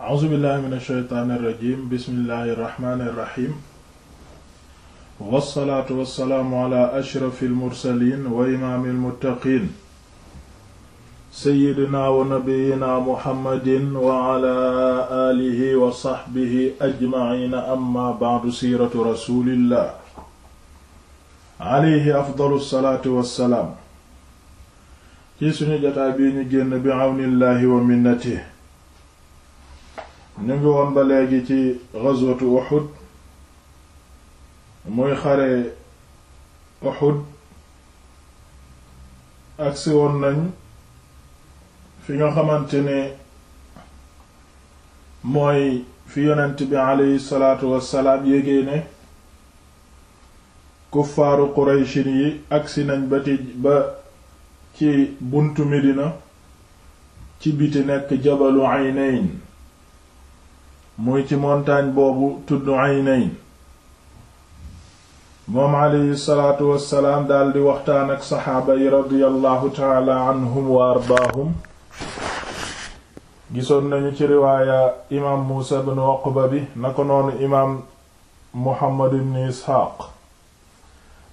a'uzubillahi min ashaytaani irrajim bismillahi irrahmani irrahim wassalaatu wassalaamu ala ashrafi almursalin wa imaami almuttaqin seyyidina wa nabiyina muhammadin wa ala alihi wa saxbihi ajmaciina amma bacdu siiratu rasulillah alayhi afdalu salaatu wassalaam ci suñu jotaay bii ñu génn bi awnillahi wa minnatihi ñu ngi woon ba léegi ci ghazwatu Uhud muy xare Uhud agsi woon nañ fi nga xamante ne mooy fi yonent bi aleyhi salaatu wassalaam yégee kuffaaru qurayshin yi agsi nañ ba ti ba ci buntu Medina ci biti nekk jabalu Aynayn muy ci montagne boobu tudd Aynayn moom aleyhi salaatu wassalaam daldi waxtaan ak saxaaba radiyallahu taala anhum wa ardaahum gisoon nañu ci riwaaya imaam Muusa ibn Uqba bi na ko noonu imaam Muhammad ibn Isxaaq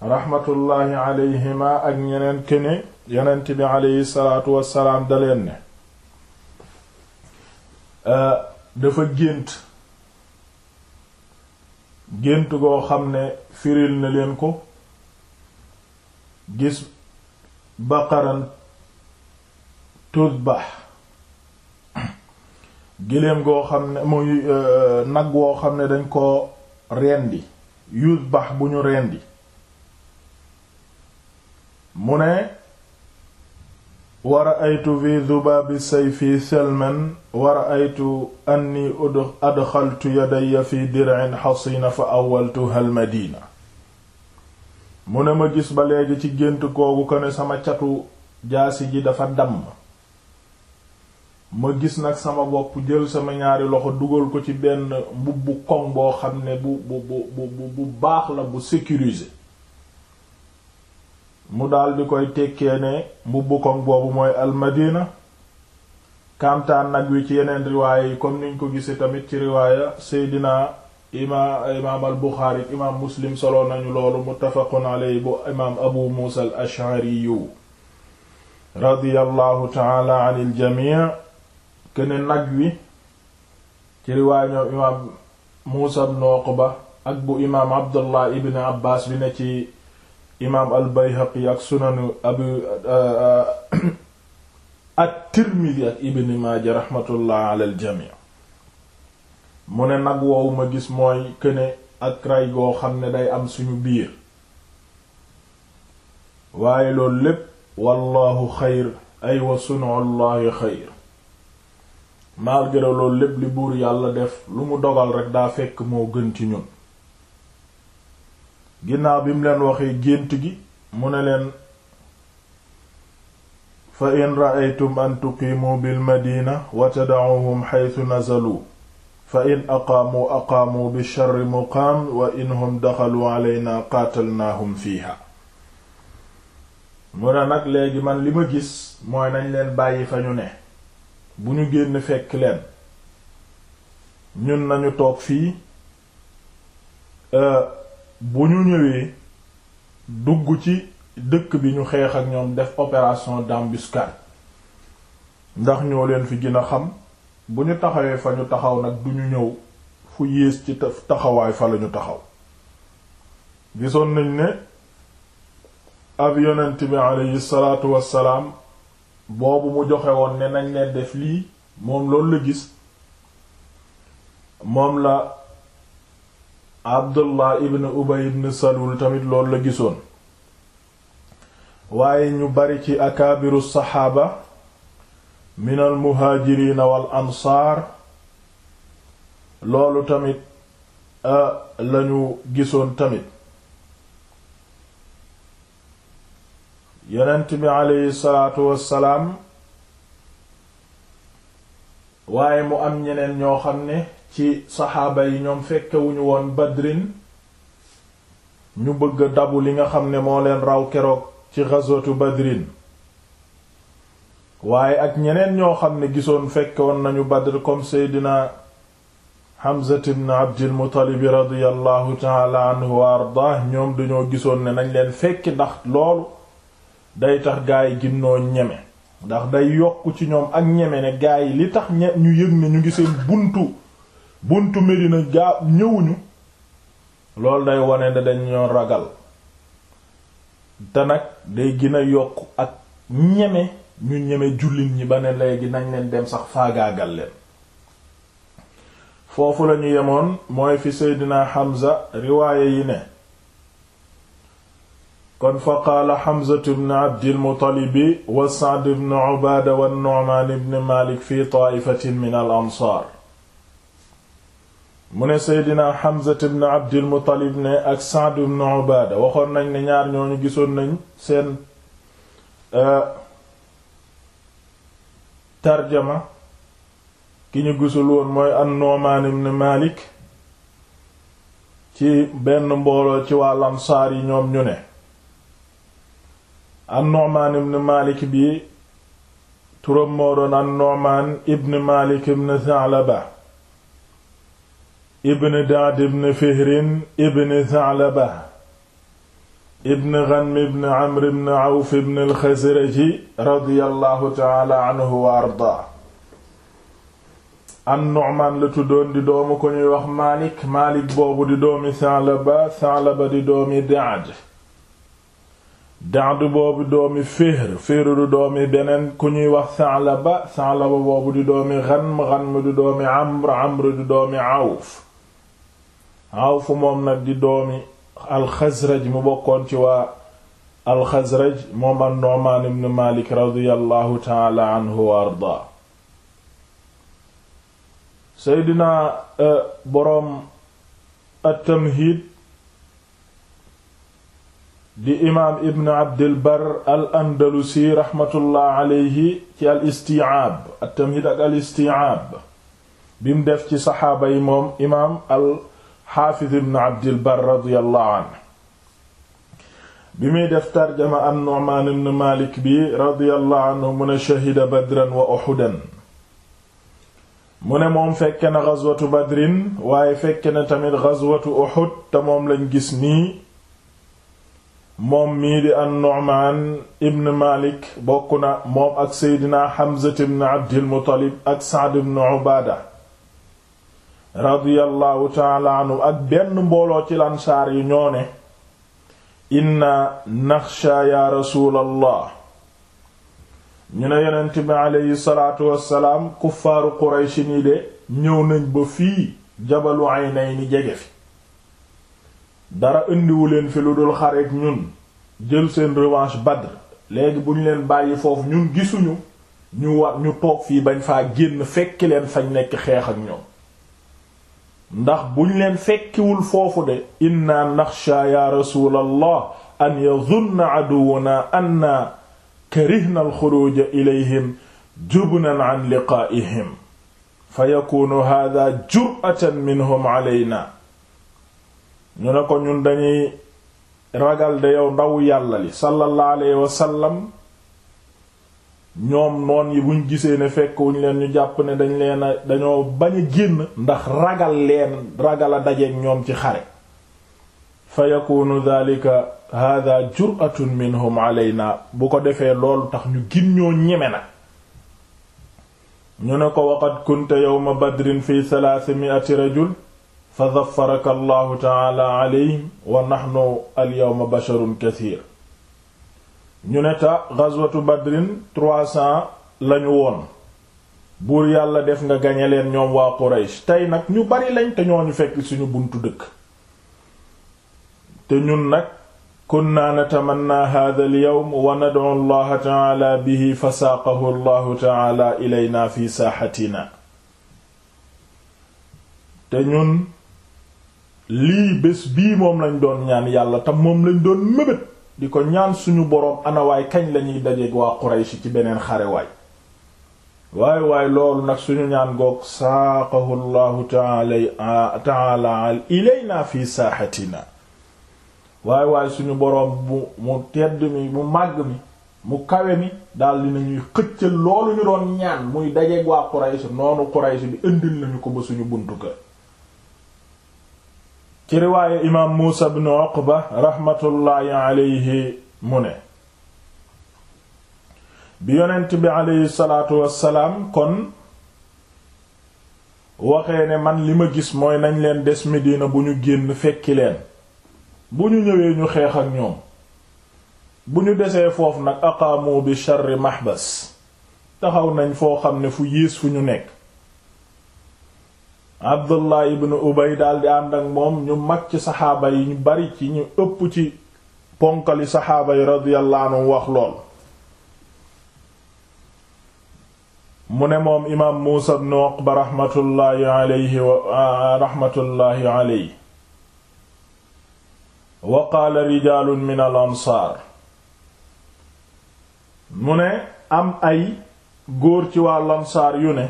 raxmatullaahi aleyhima ak ñeneen këne yonent bi aleyhi salaatu wassalaam daleen ne dafa gént gént goo xam ne firil na leen ko gis baqaran tudbax giléem goo xam ne muy euh, nag woo xam ne dañ ko rendi yuzbax bu ñu rendi mu ne wa ra'aytu fi dhubaabi sayfi selman wa ra'aytu anni adxaltu yadaya fi dir'in xasina fa awwaltuha almadina mu ne ma gis ba léegi ci gént googu ko ne sama catu jaasi ji dafa damm ma gis nag sama bopp jël sama ñaari loxo dugal ko ci benn mbubb koŋ boo xam ne bu bu bu bu baax la bu sécurisé mu daldi koy tekkee ne mbubbu koŋ boobu mooy almadina kamtaan nag wi ci yeneen riwaaya yi comme niñ ko gisee tamit ci riwaaya seydina ima imaam al buxaari imaam nañu loolu muttafaqun alayhi bu imaam abu muusa al ashariyu taala anil jamii kene nag wi ci riwaaya ñoom imaam muusa ibn ba ak bu imaam abdullah ibn abbas bi ne ci imaam al yi ak sunanu abu uh, uh, uh, at-tirmidhi ak ibn maaja raxmatullah ala jamii mu ne nag woowu ma gis mooy këne ak ray goo xam ne day am suñu biir waaye loolu lépp wallahu xayr ay wa sunullahi xayr malgré loolu lépp li buur yàlla def lu mu dogal rekk daa fekk moo gën ci ñun ginnaaw bi mu leen waxee gént gi mu ne leen fa in ra'aytum an tuqiimu bil madina wa tada'uhum haythu nazalu fa in aqaamu aqaamu bi sharri muqaam wa in hum daxalu alayna qaatalnaahum fiiha mu ne nag léegi man li ma gis mooy nañ leen bàyyi fa ñu ne bu ñu génn fekk leen ñun nañu toog fii euh, bu ñu ñëwee dugg ci dëkk bi ñu xeex ak ñoom def opération d'embuscade ndax ñoo leen fi gën a xam bu ñu taxawee fa ñu taxaw nag du ñëw fu yées ci taxawaay fa lañu taxaw gisoon nañ ne ab yonent bi aleyhi salaatu salaam boobu mu joxe woon ne nañ leen def lii moom loolu la gis moom la abdullah ibn ubay ibn salul tamit lool la gisoon waaye ñu bari ci akaabiru saxaaba min al muhaajiriina wal ansaar loolu tamit lañu gisoon tamit yonent bi aleyhi salaatu wassalaam waaye mu am ñeneen ñoo xam ne ci saxaaba yi ñoom fekkewuñu woon badrin ñu bëgg a dabu li nga xam ne moo leen raw keroog ci ghazwatu badrin waaye ak ñeneen ñoo xam ne gisoon fekke nañu badr comme seydina Hamza ibn Abdil Muttalib radiyallahu taala anhu wa ardaah ñoom dañoo gisoon ne nañ leen fekki ndax loolu day tax gaa yi ginnoo ñeme ndax day yokk ci ñoom ak ñeme ne gaa li tax ñu yëg ne ngi seen buntu buntu Medina gaa ñëwuñu loolu day wane ne dañ ñoo ragal te nag day gina yokk ak ñeme ñu ñeme jullit ñi ba ne léegi nañ leen dem sax faagaagal leen foofu lañu yemoon mooy fi Seydina Hamza riwaaye yi ne kon fa qaala Hamzatu bnu Abdilmutalibi wa Sa'd bnu Ubaada wa Nu'maan bnu Maalik fi taa'ifatin min ansaar mu ne seydina Hamza ibn Abdil Muttalib ne ak Sa'd ibn Ubaada waxoon nañ ne ñaar ñooñu gisoon nañ seen euh, tarjama ki ñu gisul woon mooy an-Nu'maan ibn Maalik ci benn mbooloo ci waa Ansaar yi ñoom ñu bi turam moo doon an-Nu'maan ibn Maalik ibn Tha'laba ibn Da'd ibn Fihrin ibn Tha'laba ibn Ghanm ibn Amr ibn Awf ibn al-Khazraji ta'ala anhu wa ardaa an-Nu'man la tuddoon di doomu ko ñuy wax Maalik Maalik boobu di doomi Tha'laba Tha'laba di doomi Da'd Da'd boobu doomi Fihr Fihr du doomi beneen ku ñuy wax Tha'laba Tha'laba boobu di doomi Ghanm Ghanm di doomi Amr Amr di doomi Awf Awf moom nag di doomi alxasraj mu bokkoon ci waa alxasraj moom an-Nu'maan ibn Maalik radiyallahu taala anhu wa ardaa seydina eh, boroom at-Tamhiid di imaam ibn Abdil Barr al-Andalusi raxmatullah aleyhi ci al-Isti'aab bim def ci saxaaba moom imaam xaafiz ibn abdil bar radiyallahu anhu bi muy def tarjama an nu'man ibn malik bi radiyallahu anhu mu ne shahida badran wa uhudan mu ne moom fekke na ghazwatu badrin waaye fekke na tamit ghazwatu uhud te moom lañ gis nii moom mii di an nu'man ibn malik bokk na moom ak seydina hamza ibn abdil muttalib ak sa'd ibn ubaada radiyallahu taala anhu ak benn mbooloo ci lansaar yi ñoo ne inna naxsha ya rasuulallah ñu ne yonent bi aleyhi salaatu wassalaam kuffaaru qurayshi ni de ñëw nañ ba fii jabalu aynayni jege fi dara indiwu leen fi lu dul xareek ñun jël seen revanche Badr léegi bu ñu leen bàyyi foofu ñun gisuñu ñu war ñu toog fii bañ faa génn fekki leen fañ nekk xeex ak ñoom ndax buñ leen fekkiwul foofu de inna naxsha ya rasulallah an yadunna aduwuna anna karihna alxuruja ilayhim jubnan an liqaaihim fa yakunu hada jur'atan minhum alayna ñu ne ko ñun dañuy ragal de yow ndaw yàlla li sallallahu alayhi ñoom noon yi buñ gisee ne fekk wuñ leen ñu jàpp ne dañ leen dañoo bañ génn ndax ragal leen ragal a dajeek ñoom ci xare fa yakunu dhalika hadha jur'atun minhum naa bu ko defee loolu tax ñu gin ñoo ñeme na ñu ne ko waqad kunta yawma badrin fi thalathimi'ati rajul fa dhaffaraka allahu ta'ala alayhim wa nahnu al yawma basharun kathir ñu ne ta ghazwatu badrin trois cents lañu woon buur yàlla def nga gañe leen ñoom waa Quraysh tey nag ñu bari lañ te ñoo ñu fekk suñu buntu dëkk te ñun nag kunna naa hadha al-yawm wa nad'u Allah ta'ala bihi fa saaqahu Allah ta'ala ilayna fi saahatina te ñun lii bés bii moom lañ doon ñaan yàlla te moom lañ doon mébét di ko ñaan suñu boroom anawaay kañ lañuy dajeek waa Quraysh ci beneen xare waay waaye waaye loolu nag suñu ñaan goog saaqahu llahu taala taala naa fii saaxatina waaye waaye suñu boroom bu mu tedd mi mu màgg mi mu kawe mi daal di nañuy xëccal loolu ñu doon ñaan muy dajeek waa Quraysh noonu Quraysh bi indil nañu ko ba suñu buntu kër ci riwaaye imaam muusa bnu oqba raxmatullaahi aleyhi mu ne bi yonent bi aleyhi kon waxee ne man li ma gis mooy nañ leen des Medina bu ñu génn fekki leen bu ñu ñëwee ñu xeex ak ñoom bu ñu desee foofu nag aqaamu bi sharri mahbas taxaw nañ foo xam ne fu yées fu ñu nekk abdullah ibn ubay daal ànd ak moom ñu mag ci saxaaba yi ñu bari ci ñu ëpp ci ponkali saxaaba yi radiyallahu wax lool mu ne moom imaam muusa ibn uqba raxmatullaahi wa raxmatullaahi alayhi min al mu ne am ay góor ci waa lansaar yu ne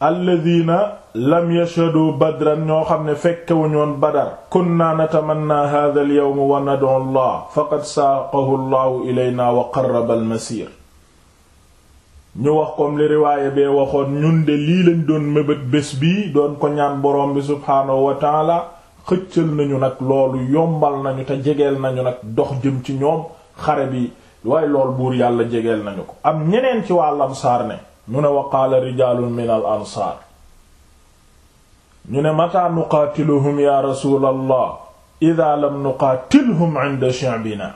alladina lam yashhadu badran ñoo xam ne fekkewuñu woon badar kunna natamanna hadha al yawm wa nad'u allah faqad saaqahu allah ilayna wa qarraba al ñu wax comme li riwaaye bee waxoon ñun de lii lañ doon mébét bés bii doon ko ñaan boroom bi subhaanahu wa taala xëccal nañu nag loolu yombal nañu te jegeel nañu nag dox jëm ci ñoom xare bi waaye lool buur yàlla jegeel nañu ko am ñeneen ci wàllam saar ne mu ne wa qaala rijaalun min al ansaar ñu ne mata nuqaatiluhum ya rasul allah ida lam nuqaatilhum inda shi'bina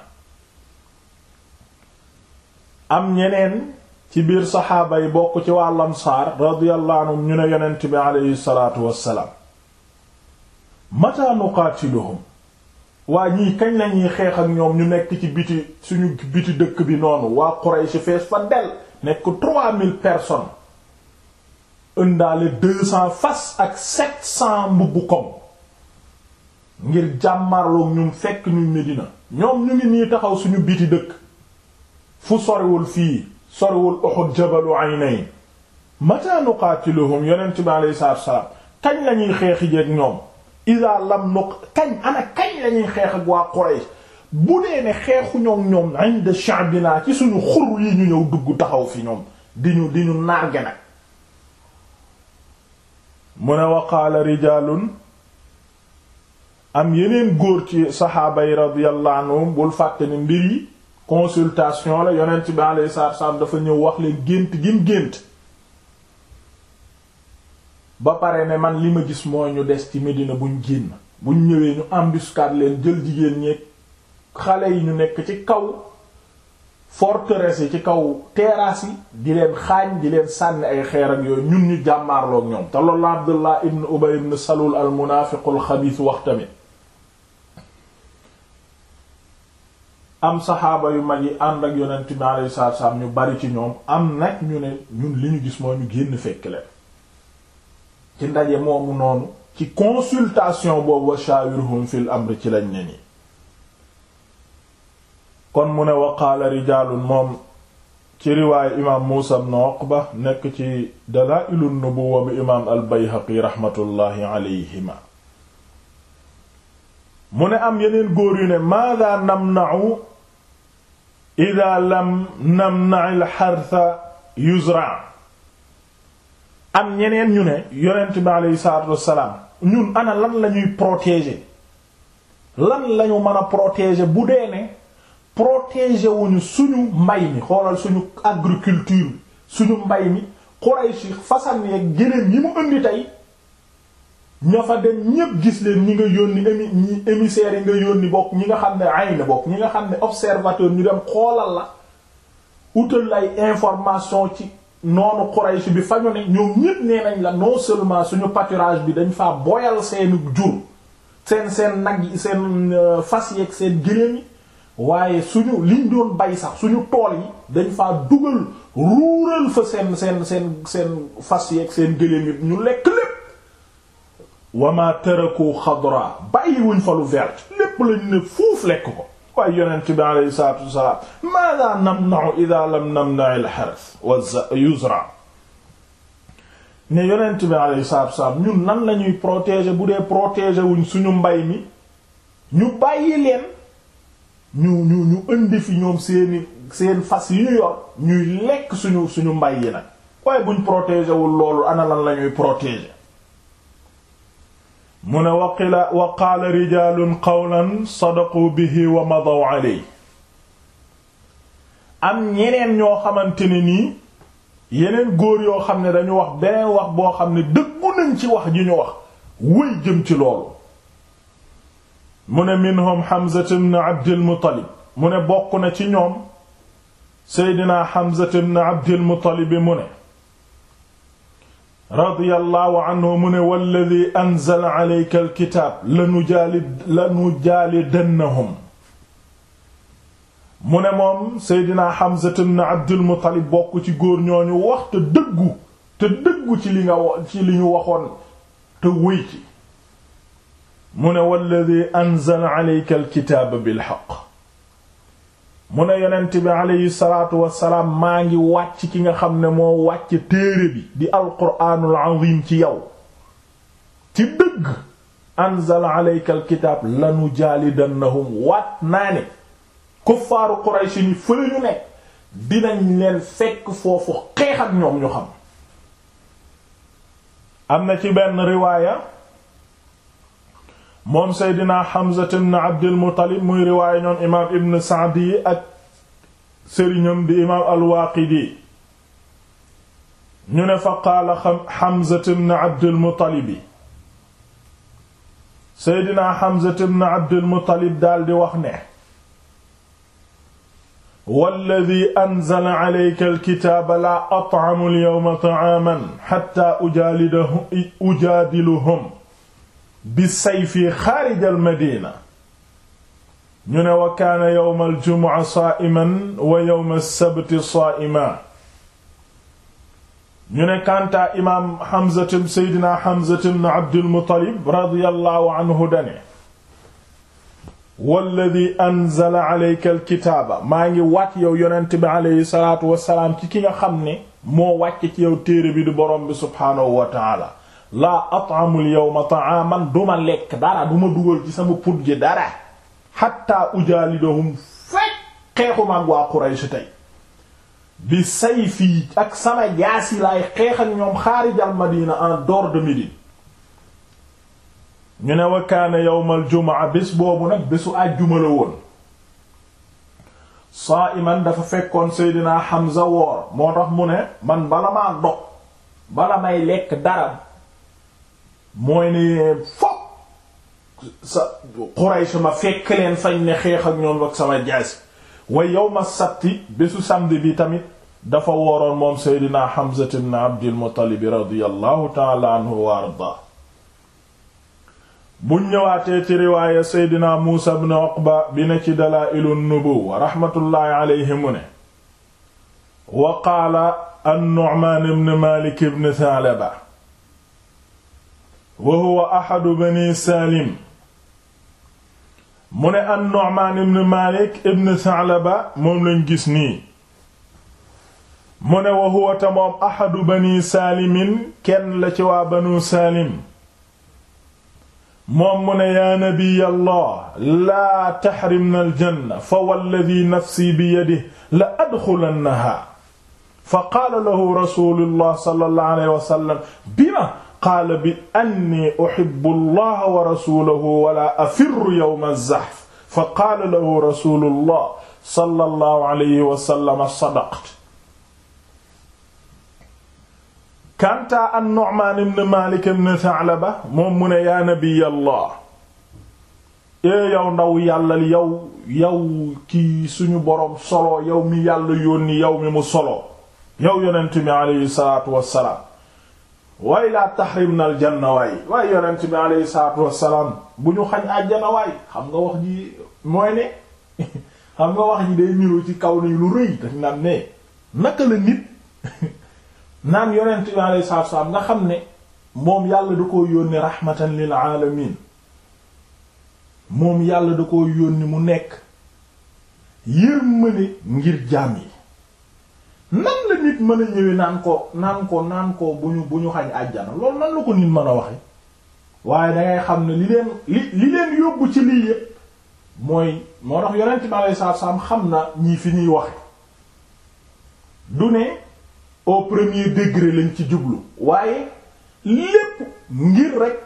am ñeneen ci biir saxaaba bokk ci wàll ansaar radiyallahu anhum ñu ne yonent bi aleyhi salaatu wassalaam mata nuqaatiluhum waa ñii kañ lañuy xeex ñoom ñu nekk ci biti suñu biti dëkk bi noonu waa Quraysh fees fa del nekk 3000 personnes ëndaale 200 fas ak 700 mbubbu kom ngir jàmmarloo ñun fekk ñu Medina ñoom ñu ngi nii taxaw suñu biti dëkk fu soriwul fii soriwul Uhud jabalu aynayn mata nuqaatiluhum yonent bi alayhi salaatu wassalaam kañ lañuy xeexi jeeg ñoom iza lam nuq kañ ana kañ lañuy xeex ak waa Quraysh bu dee xeexu ñoom ñoom inde sha'bina ci suñu xur yi ñu ñëw dugg taxaw fi ñoom di ñu di ñu narge nag mu ne wa rijaalun am yeneen góor ci saxaaba yi radiyallahu anhum bul fàtte ne mbir yi consultation la yonent bi alayhi salaatu salaam dafa ñëw wax leen gént gim gént ba pare ne man li ma gis mooy ñu des ci Medina buñ génn buñ ñëwee ñu embuscade leen jël jigéen ñeek xale yi ñu nekk ci kaw forteresse yi ci kaw terrasse yi di leen xaañ di leen sànni ay xeer ak yooyu ñun ñu jàmmaarloog ñoom te loolu la Abdullah ibn Ubay ibn Salul al munaafiqul xabiis wax tamit am saxaaba yu mag yi ànd ak yonent bi alayhi salaatu ñu bari ci ñoom am nag ñu ne ñun li ñu gis mooy ñu génn fekk leen ci ndaje moomu noonu ci consultation boobu wa shawirhum fil amri ci lañ ne nii kon mu ne waqaala rijaalun moom ci riwaay imaam Muusa ibn Uqba nekk ci Dalaa'ilun Nubuwwa bi imaam al-Bayhaqi raxmatullaahi mu ne am yeneen góor yu ne maa maadaa namna'u idaa lam namna'il xarsa yuzra am ñeneen ñu ne yonent bi aleyhi salaatu wassalaam ñun ana lan lañuy protéger lan lañu mën a protéger bu dee ne protéger wuñu suñu mbay mi xoolal suñu agriculture suñu mbay mi Quraysh façon yeeg gëléem yi mu indi tey ña fa dem ñépp gis leen ñi nga yónni émi émissaires yi nga yónni bokk ñi nga xam ne ay bokk ñi nga xam ne observateur ñu dem xoolal la utal lay information ci noonu Quraysh bi fañu ne ñoom ñépp nee nañ la non seulement suñu pâturage bi dañ fa boyal seeni jur seen seen nag yi seen euh, fas yeeg seen gëléem yi waaye suñu liñ doon bay sax suñu tool yi dañ faa dugal ruural fa seen seen seen seen fas yeeg seen gëléem yi ñu lekk lépp wama taraku xadra bàyyi wuñ fa lu vert lépp lañ ne fuuf lekk ko waaye yonent bi aleyhi salatu wasalaam maada namnau ida lam namna al xaras wa yuzra ne yonent bi aleyhi salatu wasalaam ñun nan lañuy protéger bu dee protéger wuñ suñu mbay mi ñu bàyyi leen ñu indi fi ñoom seeni seen fas yi ñu yor ñuy lekk suñu suñu mbay yi nag waaye buñ protéger wul loolu ana lan la ñuy protéger mu ne waqila wa qaala rijalun qawlan sadaqu bihi wa madaw aley am ñeneen ñoo xamante ni nii yeneen góor yoo xam ne dañu wax beneen wax boo xam ne dëggu nañ ci wax ji ñu wax wëy jëm ci loolu mu ne minhum Hamza ibn Abdil Muttalib mu ne bokk na ci ñoom Seydina Hamza ibn Abdil Muttalib mu ne radiyallahu anhu mu ne walladi anzala alayka alkitaab lanujaali lanujaaldannahum mu ne moom Seydina Hamza ibn Abdil Muttalib bokk ci góor ñooñu wax te dëggu te dëggu ci li nga ci li ñu waxoon te wéy ci mu ne walladi anzala aleyka alkitaaba bilxaq mu ne yonent bi aleyhi salaatu wasalaam maa ngi wàcc ki nga xam ne moo wàcc téere bi di alquraanul azim ci yow ci dëgg anzala aleyka alkitaab lanu jaalidannahum waat naa ne kuffaaru qurayshi ni fële ñu ne dinañ leen fekk foofu xeex ñoom ñu xam am na ci benn riwaaya moom seydina Hamza ibn Abdul Muttalib muy riwaaya ñoom imaam ibn Sa'di yi ak sëriñam di imaam al-Waaqidi ñu ne fa qaala Hamza ibn Abdul Muttalib yi seydina Hamza ibn Abdul Muttalib daldi wax ne walladi anzala alayka alkitaaba laa at'amu al-yawma ta'aaman hattaa ujaadiluhum bi sayfi xaarij al madina ñu ne wa kaana yowma aljumuca saaiman wa yowma sabti saaiman ñu ne kantaa imaam xamzatam seydina xamzatam na abdulmutalib radiyallahu anhu dane walladi anzala aleyka alkitaaba maa ngi wàcc yow yonent bi aleyhi salaatu ci ki nga xam ni moo wàcc ci yow téere bi di borom bi wa taala laa at'amul yawma ta'aman duma lekk dara duma dugal ci sama put gi dara hatta ujalidahum fekk xeexuma ak waa Quraysh tey bi sayfi ak sama jaasi laay xeex ak ñoom xaarijal Madina en dehors de Médine ñu ne wa kaana yawmal jumaa bés boobu nag bésu àjjuma la woon saaiman dafa fekkoon Seydina xam woor moo tax mu ne man bala maa dog bala may lekk dara mooy ne fokk sa Quraysh ma fekk leen fañ ne xeex ak ñoom ak sama jaas way yawma sabti bésu samedi bi tamit dafa wooroon moom Seydina Hamza ibn Abdil Muttalib radiyallahu ta'ala anhu wa ardaa buñ ñëwaatee ci riwaaya Seydina Muusa ibn Uqba bi ne ci Dalaa'ilu Nubuwwa rahmatullahi alayhi mu ne wa qaala an-Nu'maan ibn Maalik ibn Tha'laba wa huwa ahadu bani saalim mu ne an Nu'maan ibn Maalik ibn Sa'laba moom lañ gis nii mu ne wa huwa ta moom ahadu bani saalimin kenn la ci waa banu saalim moom mu ne yaa nabiyallah laa taxrimna aljanna fa walladi nafsi biyadihi la adxulannahaa fa qaala lahu rasuulullah sallallahu alayhi wa sallam bima qaala bi anni uhibbu allaha wa rasulahu wa la afirru yawma az-zahf fa qaala lahu rasulullah sallallahu alayhi wa sallam sadaqta kanta an-Nu'man ibn Malik ibn Tha'laba moom mu ne yaa nabiyallah ee yow ndaw yàlla li yow yow kii suñu boroom solo yow mi yàlla yónni yow mi mu solo yow yonent mi alayhi salaatu wassalaam way laa tahrimna aljanna waay waay yonent bi aleyhi salatu wassalaam bu ñu xañ àjjana waay xam nga wax ji mooy ne xam nga wax ji day niru ci kaw nañ lu rëy dañ naan ne naka la nit naan yonent bi aleyhi salatu wassalaam nga xam ne moom yàlla du ko yónni rahmatan lil alamin moom yàlla du ko yónni mu nekk yërmande ngir jaam yi nan la nit mën a ñëwee naan ko naan ko naan ko bu ñu bu ñu xañ àjjana loolu nan la ko nit mën a waxe waaye dangay xam ne li leen li li leen yóbbu ci lii yépp mooy moo tax yonent bi alei satu salaam xam na ñii fi ñuy waxe du ne au premier ci jublu waaye ngir rek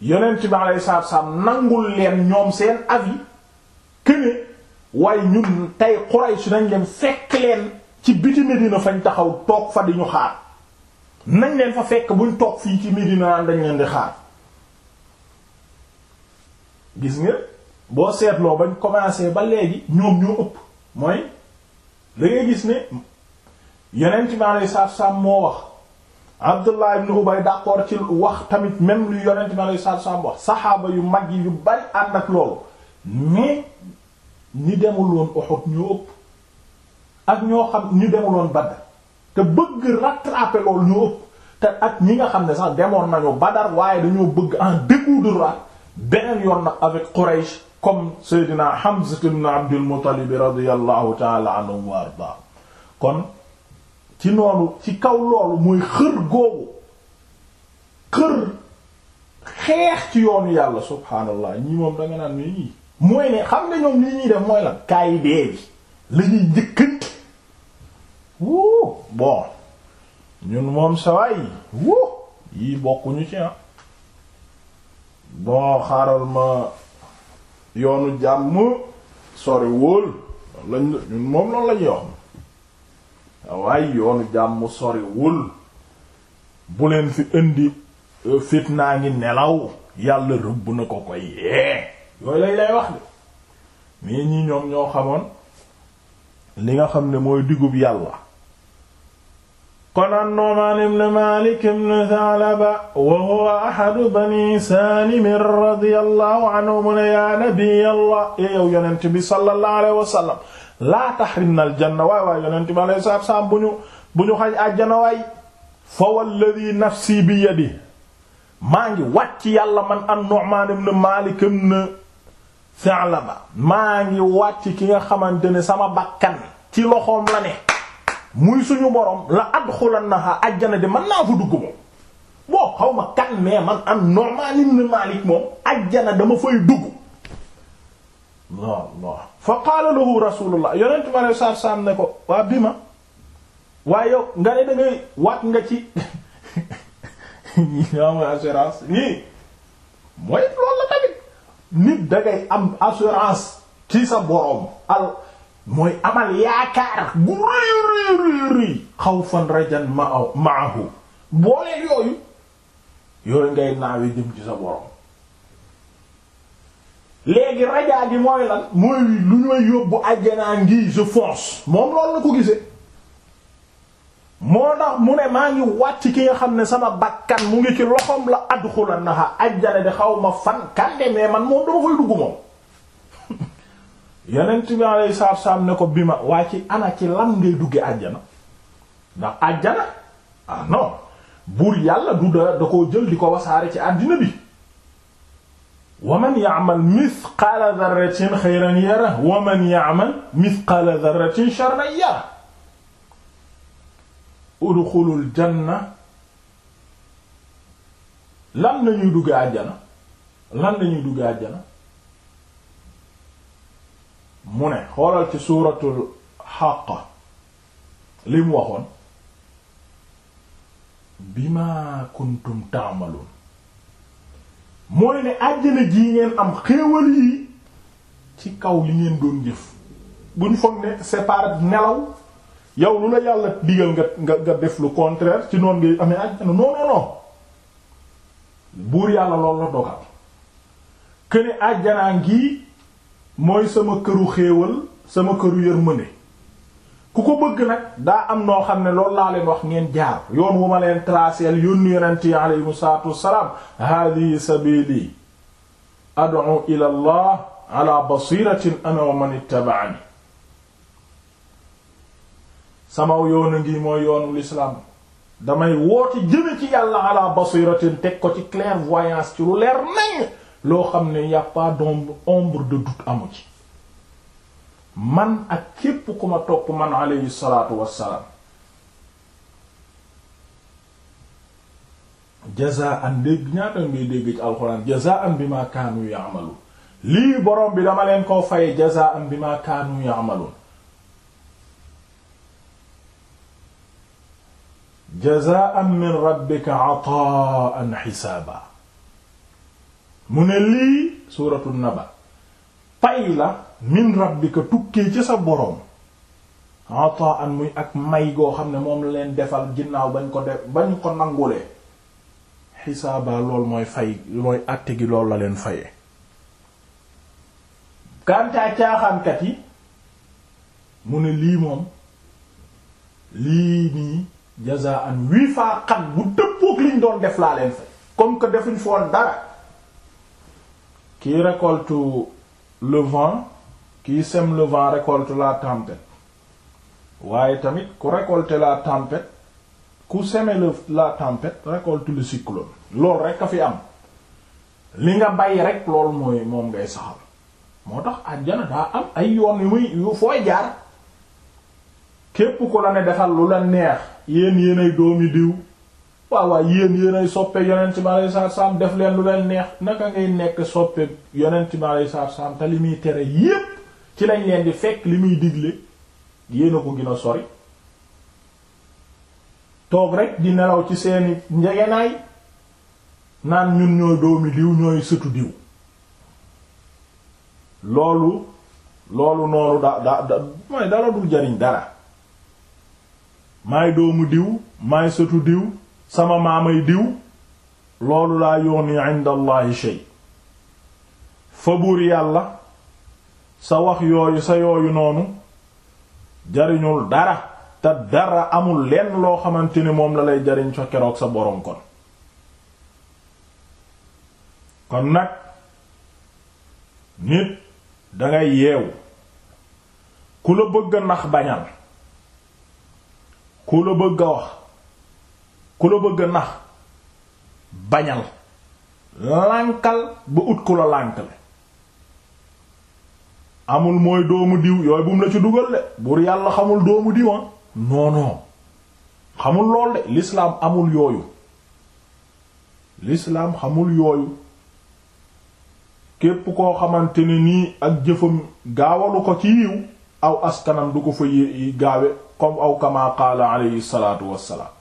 yonent bi alei satu salaam nangul leen ñoom seen avis que ne waaye ñun tey Quraysh nañ leen fekk leen ci biti Medina fañ taxaw toog fa di ñu xaar nañ leen fa fekk buñ toog fii ci Medina naan lañ leen di xaar gis nga boo seetloo bañ commencé ba léegi ñoom ñoo ëpp mooy da ngay gis ne yeneen ci maanaam saabsaab moo wax Abdullah ibn Ubay d'accord ci wax tamit même lu yonent ma lay saabsaab wax saxaaba yu mag yi yu bari ànd ak loolu mais ñi demul woon Uhud ñoo ëpp. ak ñoo xam ñu demuloon Badar te bëgg rattraper loolu ñoo ëpp te ak ñi nga xam ne sax demoon nañu Badar waaye dañoo bëgg en découdre beneen yoon nag avec Quraysh comme Seydina Hamza ibn Abdul Muttalib radiyallahu ta'ala anhu wa arda kon ci noonu ci kaw loolu mooy xër googu xër xeex ci yoonu yàlla subhaanallah ñii moom danga naan ñii mooy ne xam ne ñoom lii ñuy def mooy lan kaay dee bi lañuy njëkkante wuu bon ñun moom sawaay wuu yii bokkuñu ci ah bon xaaral ma yoonu jàmm sori wóol lañ ñun moom loolu lañuy wax waaye yoonu jàmm sori wul bu leen fi indi euh, fit naa ngi nelaw yàlla rëbb na ko koy yee yooyu lañ lay wax de mais ñi ñoom ñoo xamoon li nga xam ne mooy digub yàlla kon an-Nu'man ibn Malik ibn Tha'laba wa huwa ahadu bani Salim radiyallahu anhu mu ne yaa nabiyallah e eh, yow yonent bi sallallahu alayhi wa sallam laa tahrimna al-janna waay waay yonent bi alayhi salaatu salaam bu ñu bu ñu xaj àjjana waay fa walladhi nafsi bi yadihi maa ngi wàcc yàlla man an-Nu'man ibn Malik ibn Tha'laba maa ngi wàcc ki nga xamante ne sama bakkan ci loxoom la ne muy suñu borom la adxulannaha ajjana de man naa fa dugg moom boo xaw ma kan mais man am Nu'man Malik moom ajjana dama fay dugg Allah fa qaala lahu rasulullah yonent bi alei ne ko waa bi ma waaye yow nga ne da ngay nga ci ñi am assurance ñii mooy loolu la tamit nit da am assurance ci sa borom mooy amal yaakaar gu rëy rëy rëy rajan ma maahu booleen yooyu yooyu ngay naawe jëm ci sa borom léegi rajaa gi mooy lan mooy lu ñuy yóbbu ajjanaa ngi je fonce moom loolu la ko gisee moo tax mu ne maa ngi wàcc ki nga xam ne sama bakkan mu ngi ci loxoom la adxulannaha ajjana di xaw ma fan kande mais man moom dama koy dugg moom yonent bi alayhi salaatu ne ko bi ma waa ci ana ci lan ngay dugge àjjana ndax àjjana ah non buur yàlla du da da koo jël di ko wasaare ci àddina bi wa man ya'mal mithqaala dharratin khayran yara wa man ya'mal mithqaala dharratin sharran janna lan lañuy dugge àjjana lan lañuy dugge àjjana mu ne xoolal ci suuratul xàqa li mu waxoon bima kuntum taamaluun mooy ne àjjana jii ngeen am xéewal yi ci kaw li ngeen doon jëf bu ñu foog ne c'est nelaw yow lu la yàlla digal nga nga nga def lu contraire ci noon ngay amee àjjana non buur yàlla loolu la dogal këne àjjanaa ngi mooy sama këru xéewal sama këru yërmande ku ko bëgg nag daa am noo xam ne lool laa leen wax ngeen jaar yoon wu ma leen traceel yónni yonent yi aleyhim salaatu wassalaam hadihi sabili ad'u ila allah ala basiratin ana man ittaba'ani samaw yoon a ngi mooy yoonu lislaam damay woote jëme ci yàlla ala basiratin teg ko ci clairvoyance ci lu leer nañ loo xam ne y'a pas d'ombre ombre de doute amu ci man ak képp ku topp man aleyhi salaatu wassalaam jazaan dégg ñaata ngay dégg ci alxuraan jazaan bi ma kaanu ya'malun lii borom bi dama leen koo faye jazaan bi ma kaanu ya'malun jazaan min rabbika ataan xisaaba mu ne lii suuratu naba pay la min ko tukkee ci sa boroom ataan muy ak may goo xam ne moom leen defal ginnaaw bañ ko def bañ ko nangulee xisaaba lool mooy fay mooy àtte gi lool la leen fayee kantaa caaxaankat yi mu ne lii moom lii nii jazaan wifaaqan bu dëppook liñ doon def laa leen fay comme que defuñ foo dara qui récolte le vent qui sème le vent récolte la tempête waaye tamit ku récolte la tempête ku seme le la tempête récolte lu cyclone loolu rek a fi am li nga bàyyi rek loolu mooy moom ngay saxal moo tax àjjana daa am ay yoon yu muy yu fooy jaar képp ko la ne defal lu la neex yéen yéenay doomi diw waaw waaw yéen yéen ay soppe yonent bi alayhi salaatu salaam def leen lu leen neex naka ngay nekk soppe yonent bi alayhi salaatu salaam te li muy tere yépp ci lañ leen di fekk li muy digle yéen a ko gën sori toog rekk di nelaw ci seeni njegenaay naan ñun ñooy doomi diw ñooy sëtu diw loolu loolu noonu da da da mooy dara dul jariñ dara maay doomu diw maay sëtu diw sama maam maamay diw loolu laa yugni inda allahi shay fa buur yàlla sa wax yooyu sa yooyu noonu jariñul dara te dara amul lenn loo xamante ni moom la lay jariñ sa keroog sa boroom kon kon nag nit dangay yeewu ku la bëgg a nax bañal ku la bëgg a wax ku la bëgg a nax bañal lànkal ba ut ku la lànkale amul mooy doomu diw yooyu bu la ci dugal de buur yàlla xamul doomu diwa ah. non non xamul lool de l'islam amul yooyu l'islam xamul yooyu képp koo xamante ni nii ak jëfam gaawalu ko ci yiw aw askanam du ko fa gaawe comme aw kama qaala alayhi salaatu wassalaam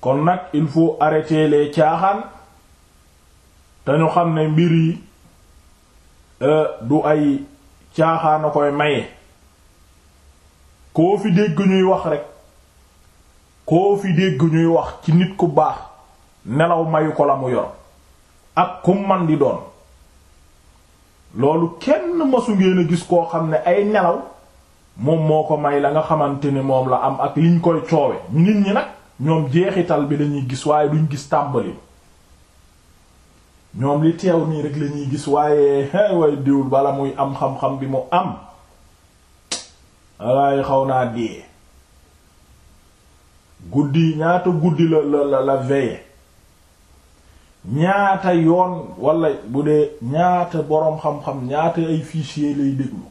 kon nag il faut arrêter les caaxaan te ñu xam ne mbir yi euh, du ay caaxaan a koy maye koo fi dégg ñuy wax rek koo fi dégg ñuy wax ci nit ku baax nelaw mayu ko la mu yor ak ku man di doon loolu kenn masu ngeen a gis koo xam ne ay nelaw moom moo ko may la nga xamante ni moom la am ak liñ koy coowe nit ñi nag ñoom jeexital bi lañuy gis waaye duñ gis tàmbali ñoom li teew nii rek lañuy gis waaye way diwul bala muy am xam-xam bi mu am waaye xaw naa dee guddi ñaata guddi la la la la veillé ñaata yoon wala bu dee ñaata boroom xam-xam ñaata ay fichier lay déglu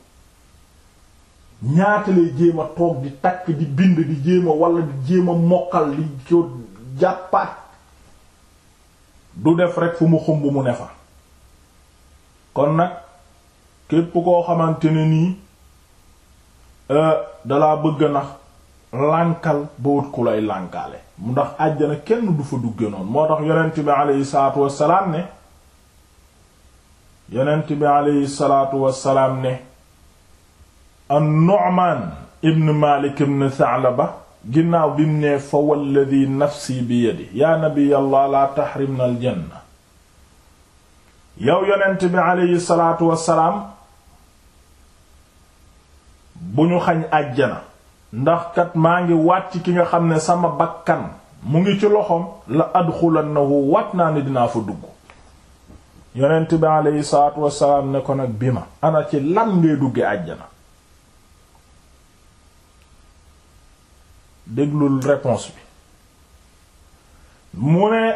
ñaata lay jéem a toog di takk di bind di jéem a wala di jéem mokkal di jàppaat du def rekk fu mu xumb mu ne fa kon nag képp koo xamante ne nii euh, dalaa bëgg a nax lànkal ba wut ku lay lànkaale mu ndax àjjana kenn du fa dugge noonu moo tax yonent bi aleyhi salaatu wassalaam ne yonent bi aleyhi salaatu wassalaam ne an-Nu'man ibn Malik ibn Tha'laba ginnaaw bi mu ne fa walladhi nafsi bi yadi yaa nabiyallah laa tahrimna al-janna yow yonent bi aleyhi salaatu wassalaam bu ñu xañ àjjana ndax kat maa ngi wàcc ki nga xam ne sama bakkan mu ngi ci loxoom la adxulannahu wàcc naa ne dinaa fa dugg yonent bi aleyhi salaatu wassalaam ne ko nag bi ma ana ci lan ngay dugge àjjana déglul réponse bi mu ne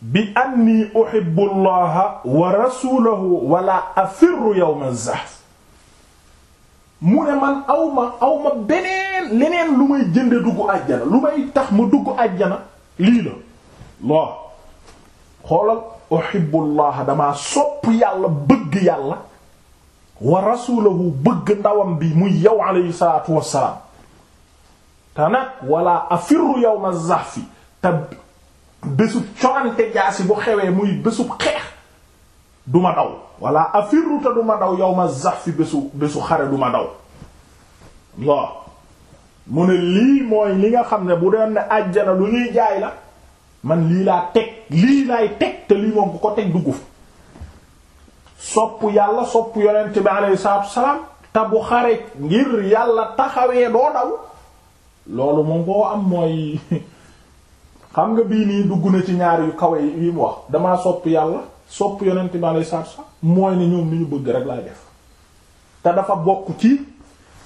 bi anni uhibbu allaha wa rasulahu wala afirru yawm az-zahf mu ne man awma awma beneen leneen lu may jënde dugg àjjana lu may tax ma dugg àjjana lii la loo xoolal uhibbu allaha damaa sopp yàlla bëgg yàlla wa rasulahu bëgg ndawam bi muy yow alayhi salaatu wassalaam te nag wala yow ma zahfi te bésub corante jaasi bu xewee muy bésub xeex du ma daw wala afirru te du ma daw yawma zahfi bésu bésu xare du daw waaw mu ne lii li nga xam ne bu doon ne àjjana lu ñuy jaay la man lii laa teg lii laay teg te lii moom bu ko teg duggu fa sopp yàlla sopp yonent bi alayhi salaatu salaam te bu xare ngir yàlla taxawee doo daw loolu moom koo am mooy xam nga bii nii dugg na ci ñaari yu kawe yi mu wax damaa sopp yàlla sopp yonent bi alayhi salaatu wasallam mooy ne ñoom li ñu bëgg rek laay def te dafa bokk ci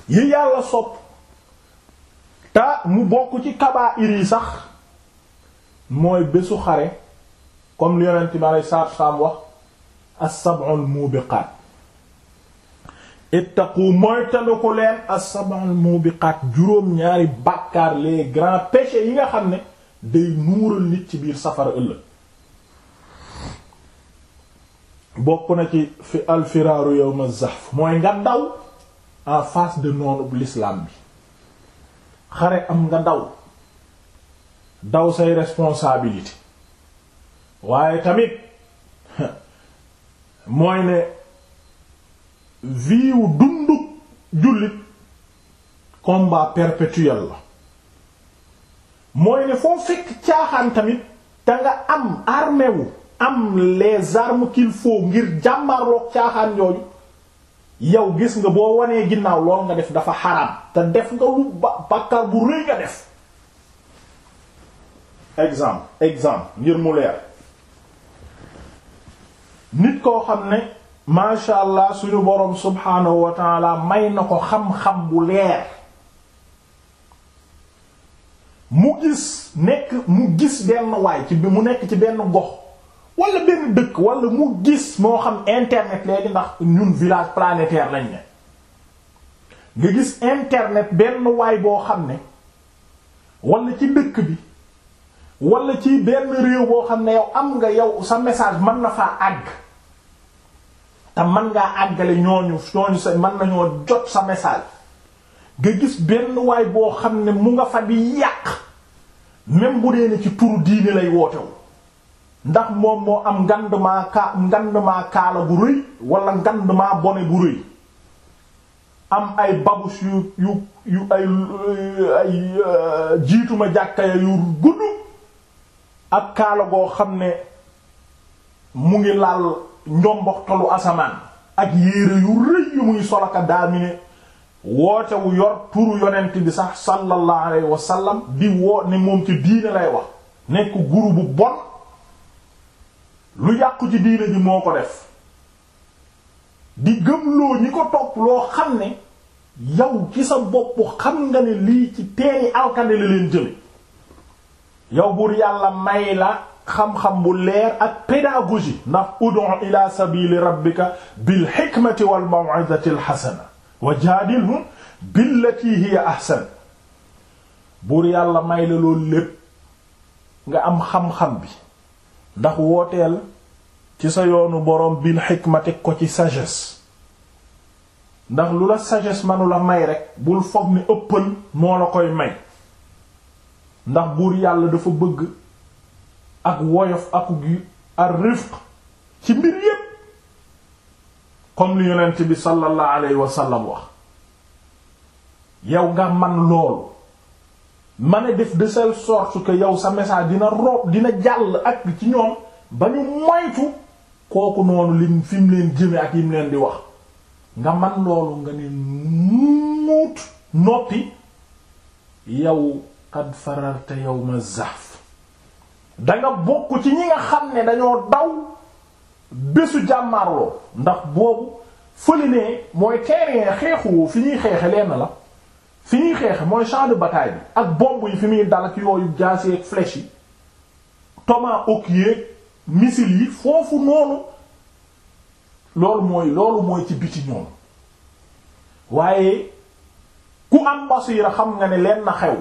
yi yàlla sopp te mu bokk ci kabaa'ir yi sax mooy bésu xare comme li yonent bi alayhi salaatu wasallam wax as-sab'ul mubiqaat ittaqu moytandiku leen as-sab'al mubiqaat juróom-ñaari bàkkaar les grands péchés yi nga xam ne day nuural nit ci biir safara ëllëg bokk na ci fi alfiraaru yow ma zahf mooy nga daw en face de noonu bu l'islam bi xare am nga daw daw say responsabilité waaye tamit mooy ne vie wu dundu jullit combat perpétuel la mooy ne foo fekk caaxaan tamit da nga am armée wu am les armes qu'il ngir jàmbarloog caaxaan yooyu yow gis nga boo wanee ginnaaw lool nga def dafa xaraam te def nga lu ba bàkkaar bu rëy nga def exemple exemple ngir mu leer nit koo xam ne maasha allah suñu boroom subhaanahu wa taala may na ko xam-xam bu leer mu gis nekk mu gis benn waay ci bi mu nekk ci benn gox wala benn dëkk wala mu gis moo xam internet léegi ndax ñun village planétaire lañ ne nga gis internet benn waay boo xam ne wala ci dëkk bi wala ci benn réew boo xam ne yow am nga yow sa message mën na faa àgg te mën ngaa àggale ñooñu ñooñu sa mën nañoo jot sa message nga gis benn waay boo xam ne mu nga fa di yàq même bu dee ne ci turu diine lay wootewu ndax moom moo am ngandmaa ka kaala bu rëy wala ngandmaa bone bu rëy am ay babus yu yu yu ay ay euh, jiituma jàkkaya yu gudd ak kaala boo xam ne mu ngi laal njomboxtalu asamaan ak yéere yu rëy yu muy solaka daamine woote wu yor turu yonent bi sax sallallahu alayhi wa sallam di woo ne moom ci diine lay wax nekk guru bu bon lu yàqu ci diine ji moo ko def di gëmloo ñi ko topp loo xam ne yow ci sa bopp xam nga ne lii ci teeni alkande la leen jële yow buur yàlla may la xam-xam bu leer ak pédagogie ndax ud'u ila sabili rabbika bil hikmati wal maw'izati al hasana wa jadilhum billati hiya ahsan buur yàlla may la loolu lépp nga am xam-xam bi ndax wooteel ci sa yoonu boroom bil hikma ko ci sages ndax lu la sagesse manula may rek bul foog ni ëppal moo la koy may ndax buur yàlla dafa bëgg ak woyof ak gi ar rifq ci mbir yépp comme li yonent bi sallallahu alayhi wa sallam wax yow nga man loolu man a def de telle sorte que yow sa message dina rob dina jàll ak ci ñoom ba ñu moytu kooku noonu lim fim mu leen jëme ak yim leen di wax nga man loolu nga ne muut noppi yow qad fararta yawma zahf danga bokk ci ñi nga xam ne dañoo daw bésu jàmmaarloo ndax boobu fële ne mooy terrain xeexu fi ñuy xeex lenn la fi ñuy xeex mooy champ de bi ak bomb yi fi muy dal ci yooyu jaasee ak flèche yi tomahawk yeeg missile yi foofu noonu loolu mooy loolu mooy ci biti ñoom waaye ku am basiira xam nga ne leen na xew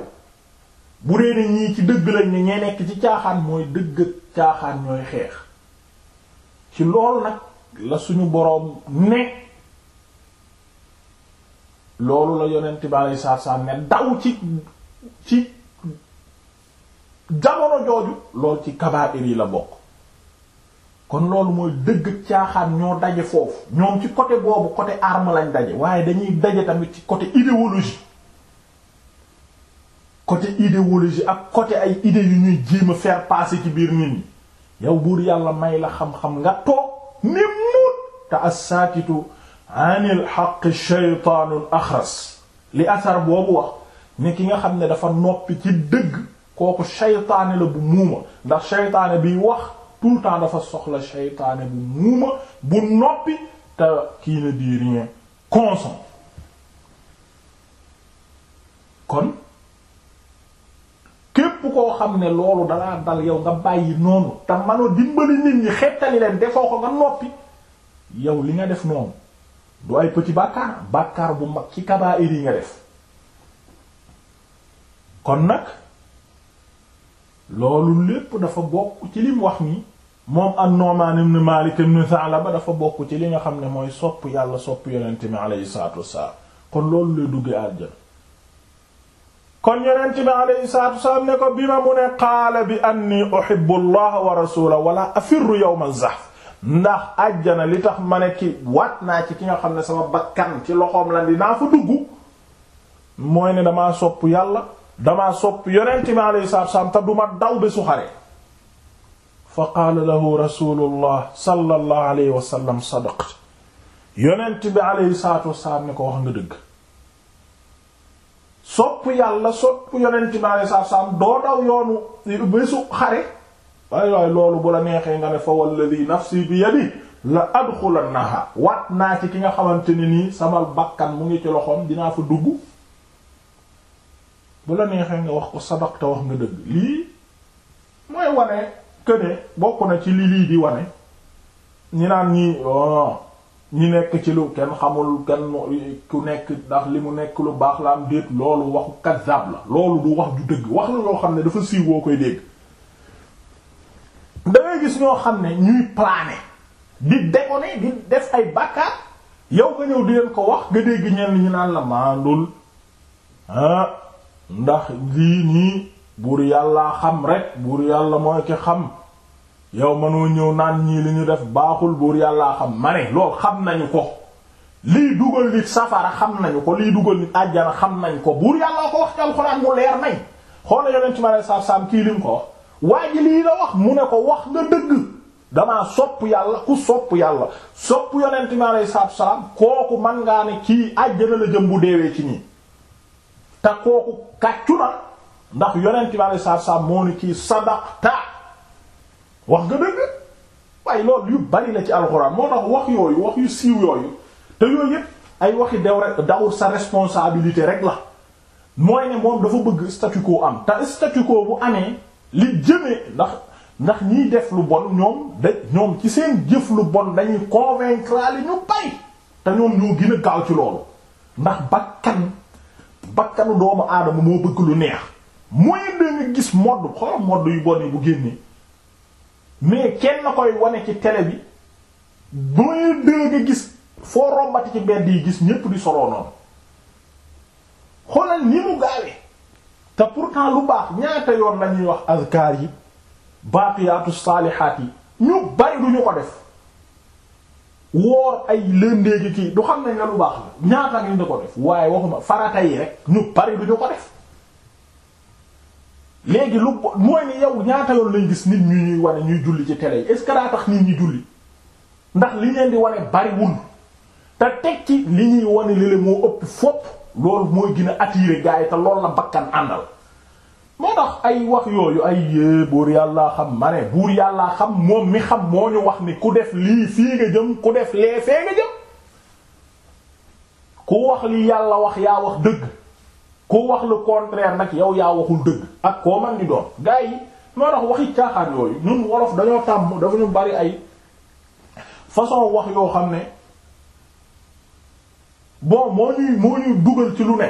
bu dee ñii ci dëgg lañ ne ñee nekk ci caaxaan mooy dëgg caaxaan ñooy xeex ci lool nag la suñu boroom ne loolu la yonent bi alei saatu salaam ne daw ci ci jamono jooju lool ci kabaa'ir yi la bokk kon loolu mooy dëgg ak caaxaan ñoo daje foofu ñoom ci côté boobu côté arme lañ daje waaye dañuy daje tamit ci côté idéologie côté idéologie ak côté ay idées yu ñuy jéem a faire ci biir nit ñi yow buur yàlla may la xam-xam nga toog ni mut te assaakitu anil xaq shaytaanun axras li asar boobu wax ne ki nga xam ne dafa noppi ci dëgg kooku shaytaane la bu muuma ndax shaytaane bi wax tout le temps dafa soxla shaytaane bu muuma bu noppi te qui ne dit rien consent képp koo xam ne loolu dalaa dal yow nga bàyyi noonu te manoo dimbali nit ñi xettali leen defoo ko nga noppi yow li nga def noonu du ay petit bàkkaar bàkkaar bu mag ci kabaa'ir yi nga def kon nag loolu lépp dafa bokk ci lim wax mi moom an-Nu'man ibn Malik ibn Tha'laba dafa bokk ci li nga xam ne mooy sopp yàlla sopp yonente mi alayhi salaatu wassalaam kon loolu lay duggee àjjana kon yonent bi alayhi salaatu wasalaam ne ko bi ma mu ne qaala bi anni uhibbu allaha wa rasulahu wala afirru yawma ndax àjjana li tax ma ne ki waat naa ci ki nga xam ne sama bakkan ci loxoom la dinaa fa dugg mooy yàlla damaa sopp yonent bi alayhi salaatu wasalaam te duma daw bi su xare fa qaala lahu rasulullah sallallahu alayhi wa sallam sadaqta yonent bi alayhi salaatu wasalaam ne ko wax nga dëgg sopp yàlla sopp yonent bi alei satu salaam doo daw yoonu bésu xare waaye waaye loolu bu la neexee nga ne fa walladi si bi yadi la adxulannaha waat naa ci ki nga xamante ni nii samal bakkan mu ngi ci loxoom dinaa fa dugg bu la neexee nga wax ko sadaq te wax nga dëgg lii mooy wane que bokk na ci li lii di wane ñi naan ñii oh, ñi nekk ci lu kenn xamul kenn ku nekk ndax li mu nekk lu baax laa am déet loolu waxu kazzab la loolu du wax ju dëgg wax la loo xam ne dafa siiw koy dégg da gis ñoo xam ne ñuy plané di déconner di def ay bàkkaar yow nga ñëw di leen ko wax nga dégg ñenn ñu naan la maandul ah ndax lii nii buur yàllaa xam rek buur yàlla mooy ki xam yow mënoo ñëw naan ñii li ñu def baaxul buur yàllaa xam ma ne loolu xam nañu ko lii dugal nit safara xam nañu ko lii dugal nit àjjana xam nañ ko buur yàllaa ko wax ci alxuraan mu leer nañ xoola yonent mi alei satu salaam kii lim ko wax waa lii la wax mu ne ko wax nga dëgg damaa sopp yàlla ku soppu yàlla soppu yonent mi alei satu salaam kooku man ngaa ne kii àjjana la jëm bu deewee ci ñi te kooku kàccu na ndax yonent mi alei satu salaam wax nga dëgg waaye loolu yu bari na ci alxuraan moo tax wax yooyu wax yu siiw yooyu te yooyu yépp ay waxi dew rek dawul sa responsabilité rek la mooy ne moom dafa bëgg statu quo am te statu quo bu amee li jëmee ndax ndax ñiy def lu bon ñoom da ñoom ci seen jëf lu bon dañuy convaincre li ñu bari te ñoom ñoo gën a gaaw ci loolu ndax bakkan bakkanu doomu aadama moo bëgg lu neex mooy da nga gis modd xoolal modd yu bon yi bu génnee mais kenn koy wone ci tele bi bu dëgg nga gis foo rombati ci mbedd yi gis ñépp di soloo noonu xoolal ni mu gaawee te pourtant lu baax ñaata yoon lañuy wax azkar yi baaqiyaatu saalihaat yi ñu bari duñu ko def woor ay lëndéegi kii du xam ne ne lu baax la ñaata ngi ñu ko def waaye waxuma farata yi rek ñu bari duñu ko def léegi lu mooy ni yow ñaata yoon lay gis nit ñu ñuy wane ñuy julli ci télé yi est daa tax nit ñi julli ndax li leen di wane bariwul te teg ci li ñuy wane lile moo ëpp fopp loolu mooy gën a attiré te loolu la bakkan àndal. moo tax ay wax yooyu ay yee buur yàllaa xam ma ne buur yàllaa xam moom mi xam moo ñu wax ni ku def lii fii nga jëm ku def lee fee nga jëm ku wax li yàlla wax yaa wax dëgg. ku wax lu contraire nag yow yaa waxul dëgg ak koo man di doon gars yi moo tax waxi caaxaan yooyu ñun wolof dañoo tàmm dafa ñu bari ay façon wax yoo xam ne bon moo ñuy moo ñuy dugal ci lu ne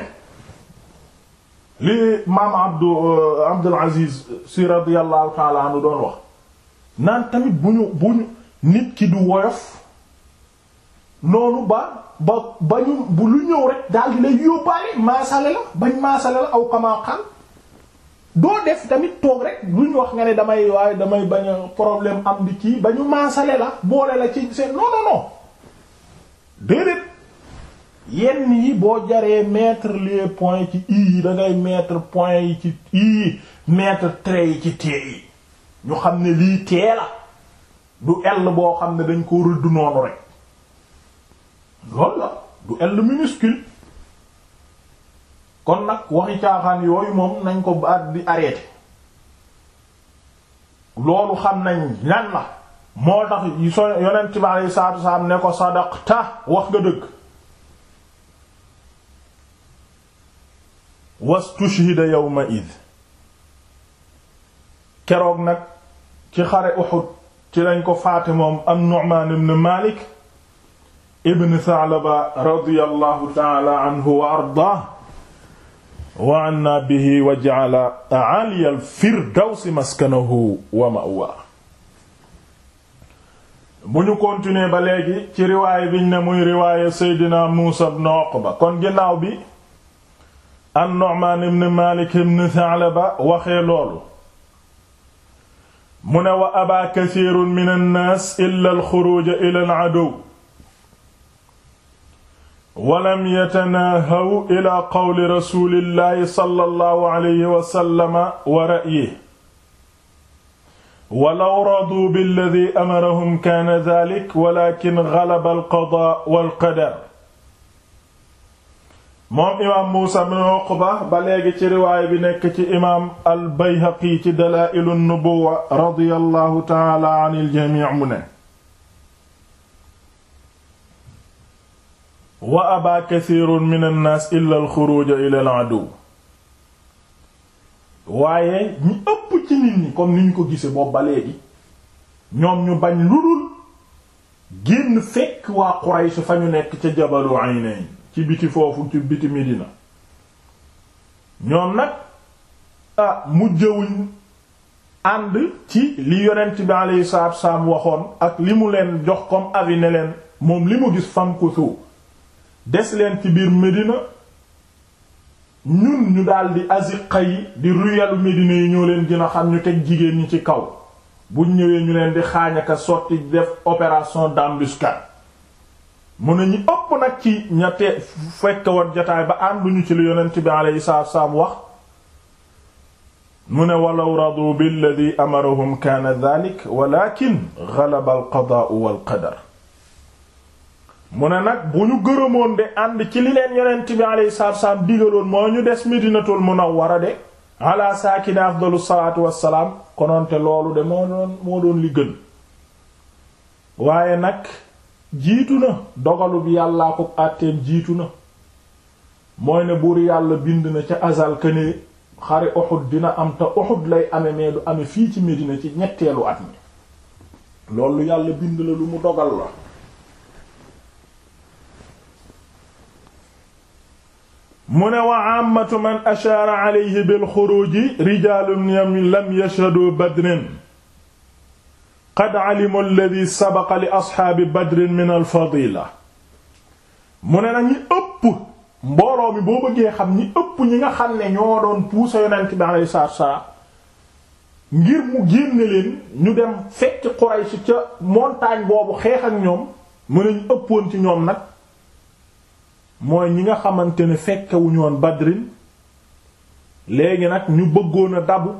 li maam Abdu euh, Abdul Aziz si radiyallahu ta'ala doon wax naan tamit bu ñu bu ñu nit ki du woyof noonu ba ba ba ñu lu ñëw rek daal di lay yóbbaale maasale la bañ maasale la aw kamaaxal doo def tamit toog rek lu ñu wax nga ne damay waaye damay bañ a problème am di kii bañu ñu maasale la boole la ci seen non non non yenn yi boo jaree mettre les points ci i yi da ngay points yi ci i yi mettre traits yi ci tee yi ñu xam ne lii tee la du ell boo xam ne dañ ko rëdd noonu rek loolu la du L minuscule kon nag waxi caaxaan yooyu moom nañ ko baat di arrêté loolu xam nañ lan la moo tax yonent bi aleyhi salaatu ne ko sadaqta wax nga dëgg wastushhida yawma id keroog nag ci xare Uhud ci lañ ko faate moom am Nu'man ibn Malik ibn Thalaba radiyallahu ta'ala anhu wa ardaah wa anna bihi wa ja'ala aliya al-firdawsi wa ma'waa bu ñu continuer ba léegi ci riwaaya biñ ne muy riwaaya Seydina Muusa ibn Uqba kon ginnaaw bi an-Nu'maan ibn Maalik ibn Thalaba waxee loolu mu ne wa abaa kasiirun mina nnaas illaa al al-aduw walam yatanahaw ila qawli rasulillahi sallallahu alayhi wa sallama wa ra'yihi walaw radu billadi amarahum kaana dalik walakin galaba alqada walqadar moom imaam Muusa bin Uqba ba léegi ci riwaay bi nekk ci imaam al Bayhaqi ci Dalaa'ilu Nubuwwa radiyallahu ta'ala anil jamii' mu ne wa aba kathirun min annaas illa alxuruja ila al aduw waaye ñi ëpp ci nit ñi comme ni ñu ko gisee boobu ba léegi ñoom ñu bañ lu dul génn fekk waa Quraysh fa ñu nekk ca jabaru Aynayn ci biti foofu ci biti Medina ñoom nag ah mujjewuñ ànd ci li yonent bi alayhi salaatu wa waxoon ak li mu leen jox comme avis ne leen moom li mu gis fam ko suuf des leen ci biir Medina ñun ñu daldi aziqa yi di ruyalu Medina yi ñoo leen gën xam ñu teg jigéen ñi ci kaw bu ñëwee ñu leen di xaañaka sotti def opération d'embuscade mu ne ñi ëpp nag ci ña te fekk woon jotaay ba ànduñu ci li yonent bi alayhi salaatu wax mu ne walaw radu billadi amarahum kaana dhalik walakin ghalaba al qadaa wal qadar mu ne nag bu ñu gërëmoon de ànd ci li leen yonent bi alayhi salaatu digaloon moo ñu des Madinatul Munawwara de ala saakina afdalu salaatu wassalaam kononte loolu de moo doon li gën waaye nag jiitu na dogalu bi yàllaa ko àtteen jiitu na mooy ne buur yàlla bind na ca azal këne xare Uhud dina am te Uhud lay ame mais du ame fii ci Medina ci ñetteelu at mi loolu yàlla bind la lu mu dogal la mu ne wa ammatu man ashaara alayhi bil xuruuji rijaalun lam yashhadu badrin qad alimu alladhi sabaqa li asxaabi badrin min al fadila mu ne nag ñi ëpp mbooloo mi boo bëggee xam ñi ëpp ñi nga xam ne ñoo doon puusa yonent bi alayhi salaatu wasalaam ngir mu génne leen ñu dem fekk Quraysh ca montagne boobu xeex ak ñoom mu ne ñu ëppoon ci ñoom nag mooy ñi nga xamante ni fekkewuñu woon badrin léegi nag ñu bëggoon a dabu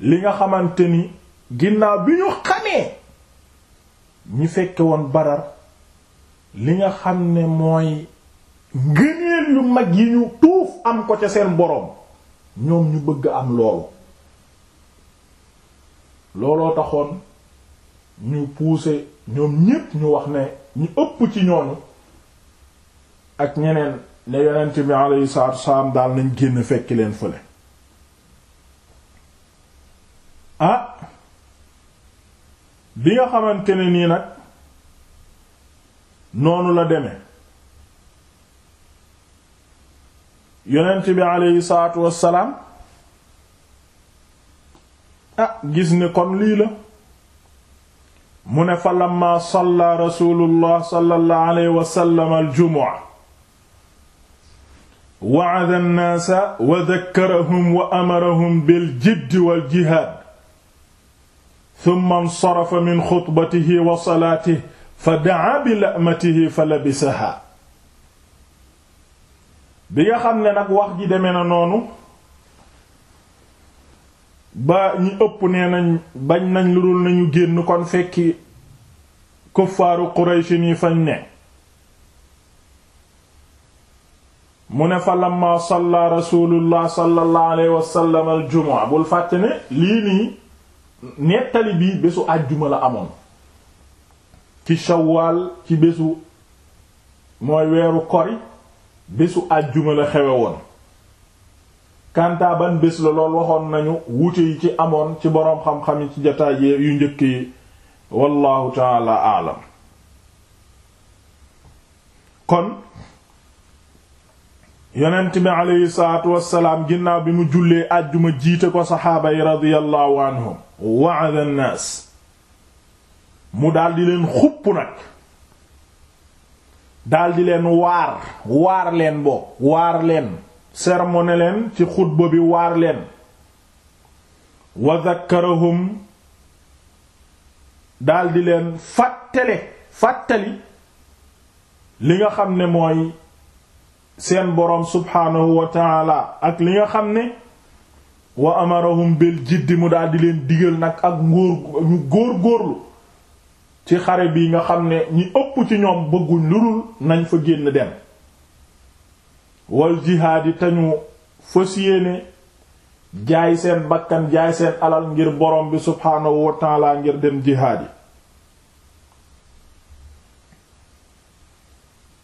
li nga xamante ni ginnaaw bi ñu xamee ñi fekke woon badar li nga xam ne mooy ngëneel yu mag yi ñu tuuf am ko ca seen boroom ñoom ñu bëgg am loolu looloo taxoon ñu puuse ñoom ñépp ñu wax ne ñu ëpp ci ñooñu ak ñeneen ne yonent bi alayhi salaatu wasalaam daal nañ génn fekki leen fële ah bi nga xamante ne nii nag noonu la deme yonent bi alayhi salaatu wasalaam ah gis ni kon lii la mu ne fa lamma salla rasulullah sallallahu alayhi wa sallam al jumu'a wa'ada an-naasa wa dakkarahum wa amarahum bil jiddi wal jihaad thumma insarafa min xutbatihi wa xam ne nag wax ji demee na noonu ba ñi ëpp nee nañ bañ nañ lu dul génn kon fekki kuffaaru Quraysh ni fañ ne mu ne fa lamma salla rasulullah sallallahu alayhi wasallam aljumua bul fàtte ne lii nii nettali bi bésu àjjuma la amoon ci shawaal ci bésu mooy weeru kori bésu àjjuma la xewe woon kantaa ban bés la lool waxoon nañu wuute yi ci amoon ci boroom xam-xam yi ci jataay yu njëkk yi wallahu taala aalam kon yonent bi aleyhi salaatu wassalaam ginnaaw bi mu jullee àjjuma jiite ko saxaaba yi radiyallahu anhum wa'ada an-naas mu daldi leen xupp nag daldi leen waar waar leen bo waar leen sermone leen ci xutba bi waar leen wa zakkarahum daldi leen fàttale fàttali li nga xam ne mooy seen boroom subhaanahu wa taala ak li nga xam ne wa amarahum bil jiddi mu daal di leen digal nag ak ngóor góor-góorlu ci xare bi nga xam ne ñi ëpp ci ñoom bëgguñ lu dul nañ fa génn dem wal jihaad yi tañu fas yéene jaay seen bakkan jaay seen alal ngir boroom bi subhaanahu wa ngir dem jihaad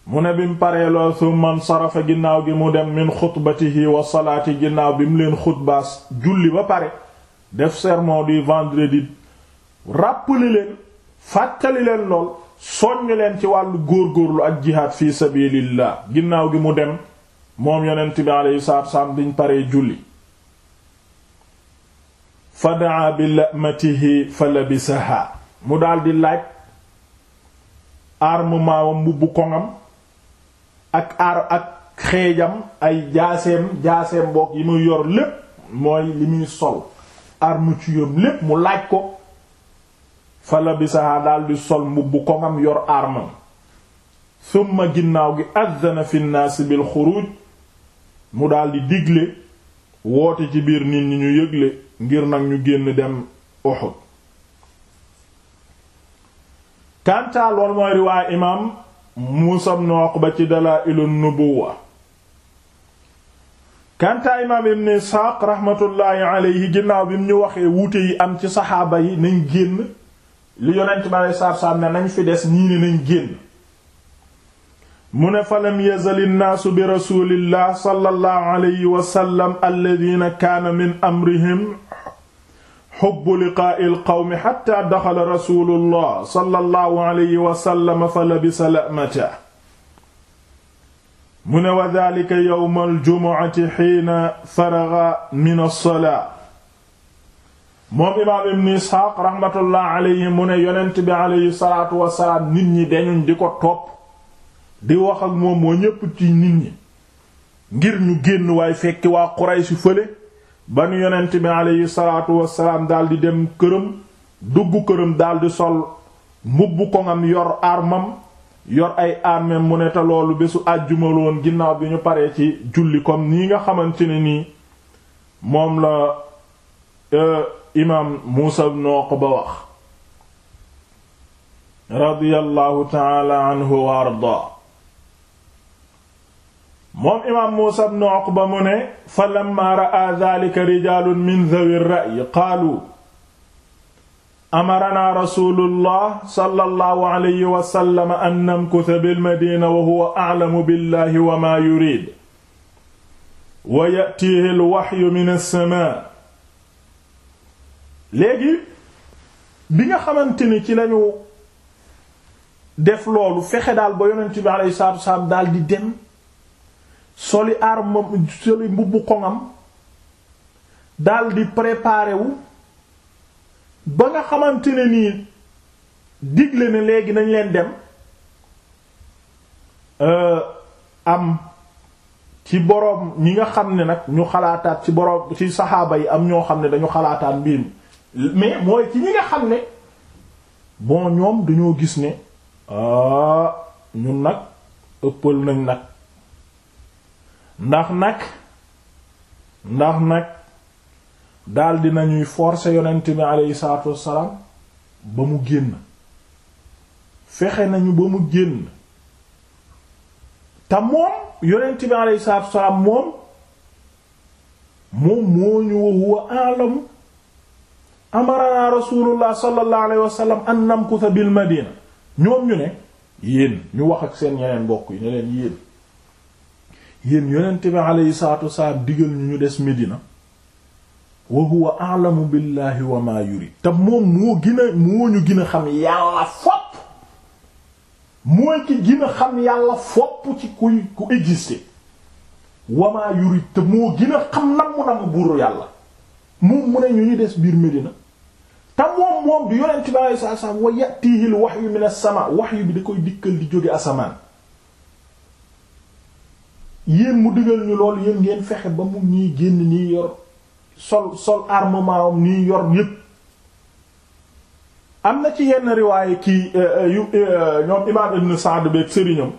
mu ne bi mu paree lool summa nsarafa ginnaaw gi mu dem min xutbatihi wa salaati ginnaaw bi mu leen xutbaas julli ba pare def sermon du vendredi rappali leen fàttali leen lool soññ leen ci wàllu góorlu ak jihaad fi sabilillah ginnaaw gi mu dem moom yonent bi alayhi salaatu wassalaam biñ paree julli fa daa bi lamatihi fa labisaha mu daldi laaj armement wa mbubb koŋam ak aar ak xeejam ay jaaseem jaaseem boog yi muy yor lépp mooy li muy sol arme tuyam lépp mu laaj ko fa labisaha daldi sol mbubb koŋam yor armam summa ginnaaw gi azzana fi nnaasi bil mu daldi digle woote ci biir nit ñi ñu yëgle ngir nag ñu génn dem Uhud kàntaa mooy riwaaya imaam Muusaa ibn Uqba ci Dalaa'ilu Nubuwwa kanta imaam ibn Isxaaq raxmatullaahi alayhi ginnaaw bi ñu waxee wuute yi am ci saxaaba yi nañ génn li yonent bi aleyhi salaatu ne nañ fi des ñii ne nañ génn mu ne falam yazal innaasu bi rasulillah sallallahu alayhi wa sallam alladina min amrihim xubbu liqaa'il qawmi xatta daxala rasuulullah sallallahu alayhi wa sallam fa labisa la'mata mu ne wa daalika yawmal jumu'ati xiina faraga min as-salaa mu ne yonent bi alayhi salaatu wasalaam nit ñi dañuñ di ko topp di wax ak moom moo ñépp ci nit ñi ngir ñu génn waaye fekki waa Quraysh fële ba nu yonent bi aleyhi salaatu wasalaam daldi dem këram dugg këram daldi sol mbubb koŋam yor armam yor ay armem mu ne te loolu bésu àjjumaloon ginnaaw bi ñu paree ci julli comme nii nga xamante ne nii moom la euh, imaam Muusa ko ba wax radiyallahu taala anhu wa ardaa moom imaam Muusaa ibn Uqba mu ne fa lamma ra'a dhaalika rijaalun min dhawi ra'yi qaalu amaranaa rasuulullah sallallahu alayhi wa sallam an namkutha bil madiina wa huwa a'lamu billahi wa maa yuriid wa ya'tiihi al-wahyu min as-samaa léegi bi nga xamante ni ci lañu def loolu fexe daal ba yonent bi alayhi salaatu wa salaam daal di dem soli armam soli mbubbu koŋam daldi préparé ba nga xamante ne nii digle ne léegi nañ dem euh, am ci boroom ñi nga xam ne nag ñu xalaataat ci boroom ci saxaaba yi am ñoo xam ne dañu xalaataat mbir mi mais mooy ci ñi nga xam ne bon ñoom dañoo gis ne ah ñun nag ëppal nañ nag ndax nag ndax nag daldi nañuy forcer yonent bi aleyhi salaatu ba mu génn fexe nañu ba mu génn te moom yonent bi aleyhi salaatu moom moom moo ñu wa huwa a'lamu amarana rasulullah sallallahu alayhi wasallam an namkutha bil madina ñoom ñu ne yéen ñu wax ak seen yeneen mbokk yi ne yéen yéen yonent bi aleyhi salatu wasalaam digal ñu ñu des Medina wa huwa a'lamu billahi wa ma yurid te moom moo gën moo ñu gën xam yàlla fopp ci kuy ku exister wa ma yurid te moo gën xam nam mu nam buuru yàlla moom mu ne ñu ñu des biir Medina te moom moom du yonent bi aleyhi salatu wasalaam wa ya'tihi al wahyu min as-sama wahyu bi da koy dikkal di jóge asamaan yéen mu digal ñu lool yéen ngeen fexe ba mu ñuy génn nii yor sol sol armement nii yor yépp am na ci yenn riwaaye kii euh, euh, yu euh, ñoom imaam ibn Sa'd beek sëriñam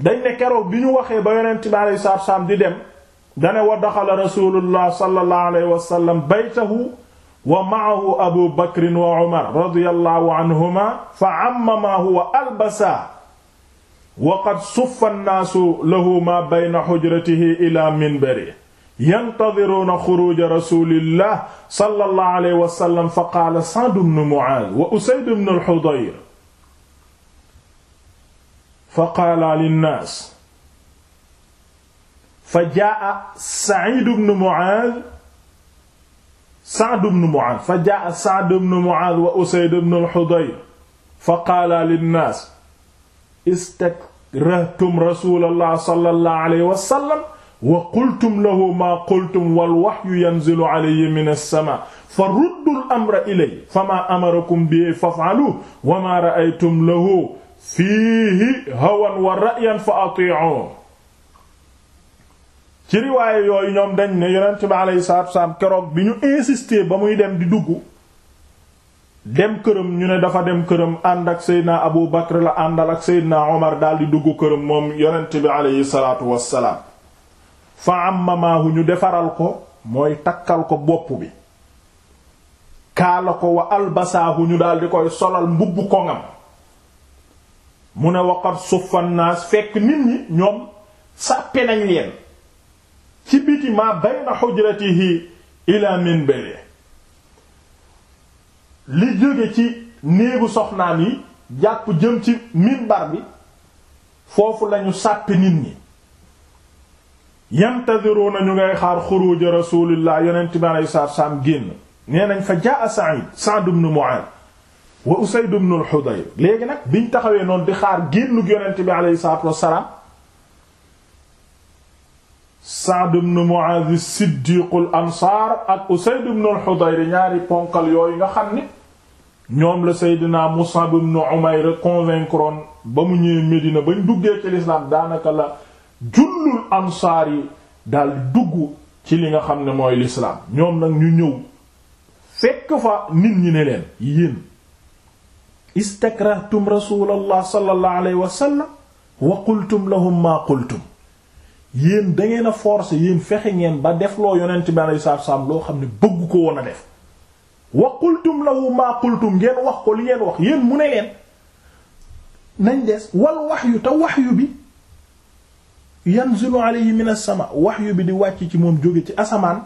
dañ ne keroog bi ñu waxee ba yonent bi alayhi salaatu salaam di dem dane wa daxala rasulullah sallallahu alayhi wa sallam baytahu wa ma'ahu abu bakr wa umar radiyallahu anhuma fa ammamahu wa albasa wa qad suffa annaasu lahu ma bayna xujratihi ila minbari yantadiruuna xuruja rasulillah sallallahu alayhi wa sallam fa qaala Sa'd ibn Mu'aaz wa Usayd ibn al-Hudayr fa qaala linnaas fa jaa'a Sa'iid ibn Mu'aaz Sa'd ibn Mu'aaz fa jaa'a Sa'd ibn Mu'aaz wa Usayd ibn al-Hudayr fa qaala linnaas istakrahtum rasulallah sallallahu alayhi wa sallam wa qultum lahu maa qultum wal wahyu yanzilu alayhi min as-samaa fa ruddul amra ilay famaa amarakum bihi faf'alu wa maa ra'aytum lahu fiihi hawan wa ra'yan fa atii'u ci riwaaye yooyu ñoom dañ ne yonent bi alayhi salaatu wa salaam keroog bi ñu insister ba muy dem di dugg dem këram ñu ne dafa dem këram ànd ak seydna abu bakr la àndal ak seydna omar daldi dugg këram moom yonent bi aleyhi salaatu wassalaam fa ammamaahu ñu defaral ko mooy takkal ko bopp bi kaala ko wa albasaahu ñu daldi koy solal mbubb koŋam mu ne waqat suffan fekk nit ñi ñoom sàppe nañ leen ci biti ma bayna hujratihi ila minbari li jóge ci néegu soxnaam yi jàpp jëm ci minbar bi foofu lañu sàppi nit ñi yantaziruna ñu ngay xaar xuruja rasulillah yonent bi alayhi salaatu salaam génn nee nañ fa jaa Sa'id Sa'd ibn Mu'adh wa Usayd ibn al léegi nag biñ taxawee noonu di xaar génnug yonent bi alayhi salaatu wassalaam Sa'd ibn Mu'adh Siddiqul Ansaar ak Usayd ibn al ñaari ponkal yooyu nga xam ni ñoom la Seydina Mus'ab ibn Umayr convaincron ba mu ñëwee Medina ñu duggee ci lislaam daanaka la jullul ansaar yi daal dugg ci li nga xam ne mooy lislaam ñoom nag ñu ñëw fekk fa nit ñi ne leen yiin istakrahtum rasulallah sallallahu alayhi wa sallam wa qultum lahum maa qultum yéen dangeen a forcer yéen fexe ngeen ba def loo yonent bi alayhi salaam loo xam ne bëgg ko woon def wa qultum lahu maa qultum ngeen wax ko li ngeen wax yéen mu ne leen nañ des wal waxyu te waxyu bi yan yanzilu yi min as-sama waxyu bi di wàcc ci moom jóge ci asamaan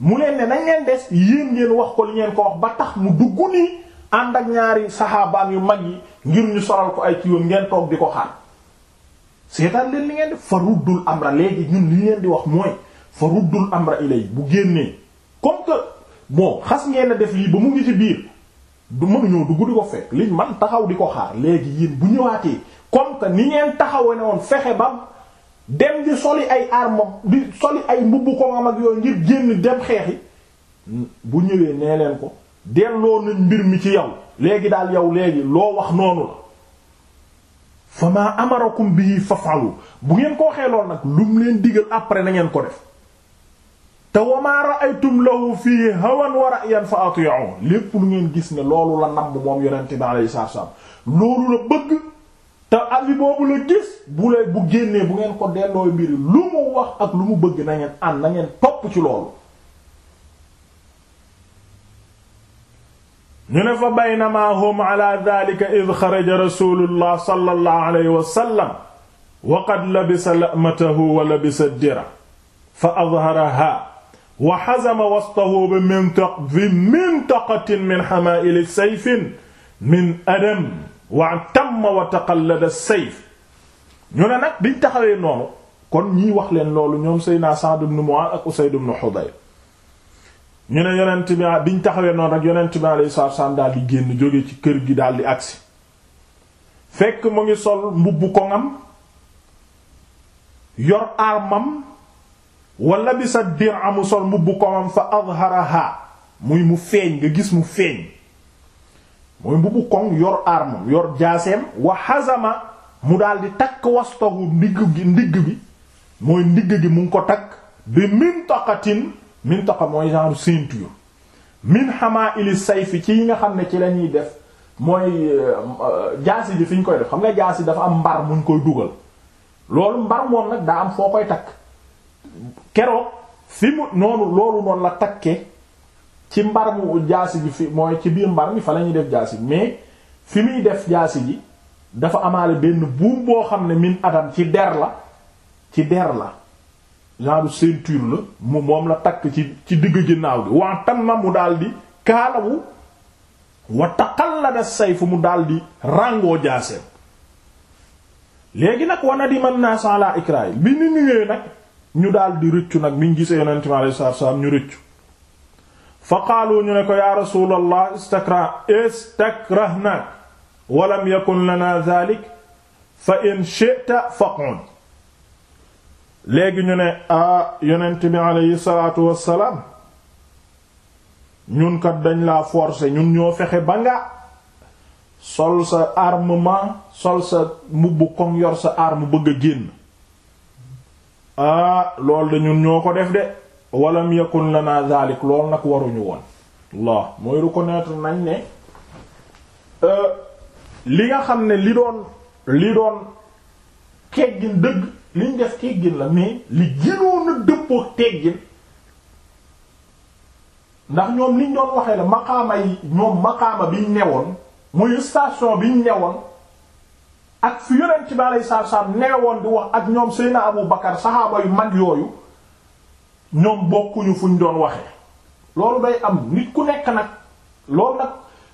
mu ne ne nañ leen des yéen ngeen wax ko li ngeen ko wax ba tax mu dugg nii ànd ak ñaari saxaabaan yu mag yi ngir ñu soral ko ay kiiwam ngeen toog di ko xaar seetaan leen li ngeen def di faruddul amra léegi ñun li ngeen di wax mooy faruddul amra ilay bu génnee comme que bon xas ngeen na def lii ba mu ngi ci biir du mënuñoo dugg di ko fekk liñ man taxaw di ko xaar léegi yéen bu ñëwaatee comme que ni ngeen taxawee ne woon fexe ba dem di soli ay armo di soli ay mbubb ko am yooyu ngir génn dem xeexi bu ñëwee nee leen ko delloo nañ mbir mi ci yow léegi daal yow léegi loo wax noonu la fa maa amarakum bii fafalu bu ngeen koo waxee lool nag lum leen digal après na ngeen ko def te wamaa ra'aytum lahu fii hawan wa ra'yan fa ati'u lépp lu ngeen gis ne loolu la namm moom yonente bi alayhi salaatu wa salaam loolu la bëgg te avis boobu la gis bu lay bu génnee bu ngeen ko delloo mbiri lu mu wax ak lu mu bëgg na ngeen ànd na ngeen topp ci loolu ñu ne fa baynama hum ala dhalika id xaraja rasulullah sallallahu alayhi wa sallam wa qad labisa la'matahu wa labisa dira fa azharaha waa hazama wastahu bi mintaq bi mintaqatin min hamaa'il sayfin min adam wa tamma sayf ñu ne nag biñ taxawee noonu kon ñii wax leen loolu ñoom Seydina Sa'd ibn Mu'adh ak Usayd ibn Hudayr ñu ne yonent bi biñ taxawee noonu rek yonent bi alayhi salaatu salaam daal di génn jóge ci kër gi daal di agsi fekk mu ngi sol mbubb ko ngam yor armam walla bi sa dir amu sol mbubb komam fa azharaha muy mu feeñ nga gis mu feeñ mooy mbubb koŋ yor armam yor jaaseem wa hazama mu daal di takk wastogu ndigg gi ndigg bi mooy ndigg gi mu ngi ko takk bi mintaqatin mintaqa mooy genre ceinture min xamaa ili sayfi ci yi nga xam ne ci lañuy def mooy euh, jaasi ji fi ñu koy def xam nga jaasi dafa am mbar muñ koy dugal loolu mbar moom nag daa am foo koy takk keroo fi mu noonu loolu noonu la takke ci mbar mu jaasi ji fi mooy ci biir mbar mi fa la ñuy def jaasi mais fi muy def jaasi ji dafa amaale benn buum boo xam ne min adam ci der la ci der la genre ceinture la mu moom la takk ci ci digg ginnaaw bi waa tam na mu daldi kaalawu wa taqallada fu mu daldi ràngoo jaaseem léegi nag wana di mën naa sans la ikra bi ni ñëwee nag ñu daal di rëccu nag biñ gisee yonent mi alayhi salaam ñu rëccu fa qaalu ñu ne ko yaa rasuulallah istakra istakrahnaak wa lam yakun lana zaalik fa in shi'ta faq'ud léegi ñu ne a yonent bi alayhi salaatu wassalaam ñun kat dañ la forcer ñun ñoo fexe ba nga sol sa armement sol sa mbubb koŋ sa arme bëgg a génn ah loolu de ñun ñoo ko def de walam yakun lana dalik lool nag waruñu woon Allah mooy reconnaître nañ ne euh, li nga xam ne li doon li doon keggin dëgg liñ def keggin la mais li gënoon a dëppoo teggin ndax ñoom liñ doon waxee la maqaama yi ñoom maqaama biñ newoon muy station biñ newoon ak fi yonent bi alayhi salaatu salaam newoon di wax ak ñoom Seydina Abu Bakar saxaaba yu mag yooyu ñoom bokkuñu fuñ doon waxe loolu day am nit ku nekk nag loolu nag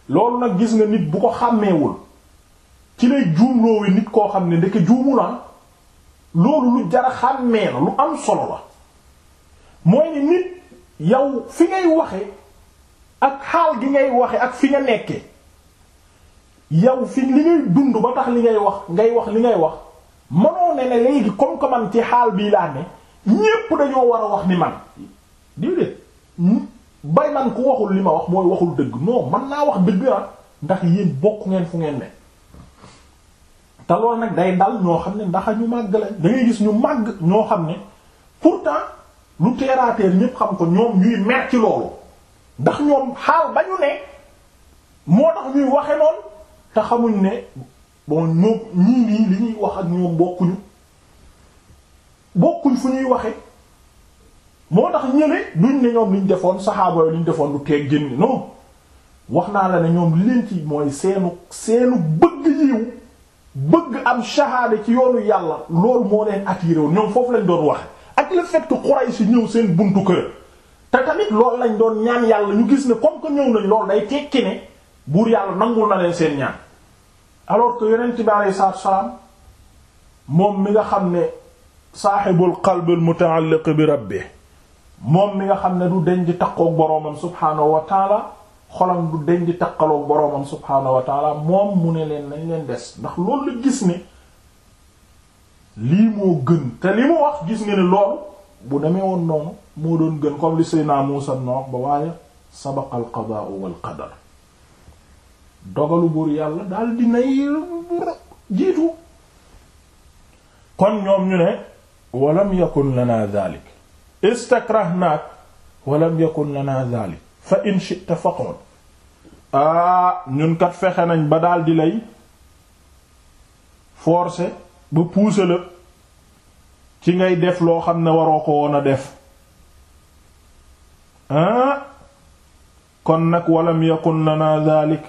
loolu nag gis nga nit bu ko xàmmeewul ci lay juumloowi nit koo xam ne ndeke juumu na loolu lu jara xàmmee la lu am solo la mooy ni nit yow fi ngay waxe ak xaal gi ngay waxe ak fi nga nekke yow fi li ngay dund ba tax li ngay wax ngay wax li ngay wax mënoo ne ne léegi comme que ci xaal bii laa ne ñépp dañoo war a wax ni man déedéet bay man ku waxul li ma wax mooy waxul dëgg non man naa wax dëgg ah ndax yéen bokk ngeen fu ngeen ne te loolu nag day dal ñoo xam ne ndax ñu màgg la da gis ñu màgg ñoo xam ne pourtant lu teeraateer ñépp xam ko ñoom ñuy mer ci loolu ndax ñoom xaal ba ñu ne moo tax ñuy waxe noonu te xamuñ ne bon ñoom ñii nii li ñuy wax ak ñoom bokkuñu bokkuñ fu ñuy waxe moo tax ñële duñ ne ñoom liñ defoon saxaaba yi defoon lu teg génn non wax naa la ne ñoom li leen ci mooy seenu seenu bëgg yiw bëgg am shahada ci yoonu yàlla loolu moo leen attiré woon ñoom foofu lañ doon wax ak la fait que si ñëw seen buntu kër te tamit loolu lañ doon ñaan yàlla ñu gis ne comme que ñëw nañ loolu day tekki ne. buur yàlla nangu na leen seen ñaan alors que yonent bi alayhi salaatu salaam moom mi nga xam ne saaxibul qalbil muta'alliq bi rabbih moom mi nga xam ne du deñ di taqoog boroomam subhaanahu wa taala xolam du deñ di boroomam subhaanahu wa moom mu ne leen lañ leen des ndax loolu la gis ne lii moo gën te li mu wax gis nga ni loolu bu demee woon noonu moo doon gën comme li Seydina Muusa nox ba waaye sabaqal qadaa wal qadar dogalu buur yàlla daal dinay jiitu kon ñoom ñu ne walam yakun lana dhalik istakrahnaak walam yakun lana dhalik fa in shi'ta faqul aa ah, ñun kat fexe nañ ba daal di lay forcer ba pousser la ci ngay def loo xam ne waroo ko woon a def aa ah, kon nag walam yakun lana dhalik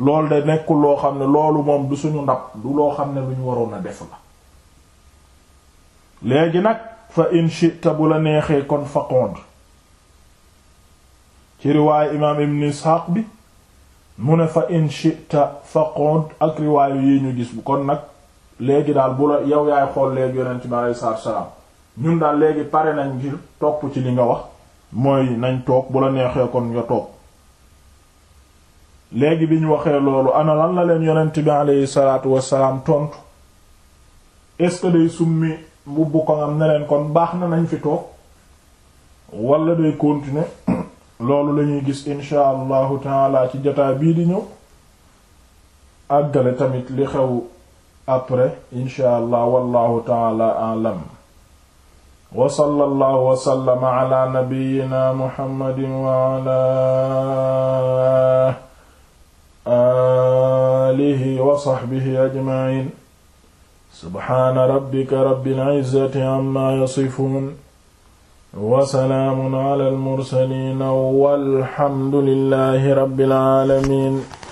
loolu de nekkul loo xam ne loolu moom du suñu ndab du loo xam ne lu ñu waroon a def la léegi nag fa in shi'ta bu la neexee kon faqond ci riwaayu imaam ibn Isxaaq bi mu ne fa in shi'ta faqond ak riwaayu yi ñu gis bu kon nag léegi daal bu la yow yaay xool léegi yonent bi aleyhi salaatu wa ñun daal léegi pare nañ ngir topp ci li nga wax mooy nañ toog bu la neexee kon nga toog léegi bi ñu waxee loolu ana lan la leen yonent bi aleyhi salaatu wasalaam tontu est day summi mbubb ko am ne kon baax na nañ fi toog wala day continuer loolu la gis insha allahu ci jotaay bii di ñëw àggale tamit li xew après insha allah wallahu alam wa sallallahu wa sallama ala nabiyyina muhammadin wa ala alihi wa saxbihi ajmaciin subxaana rabbika rabbil izzati amma yasifuun wa salaamun alal mursaliin walhamdulillahi rabbil aalamiin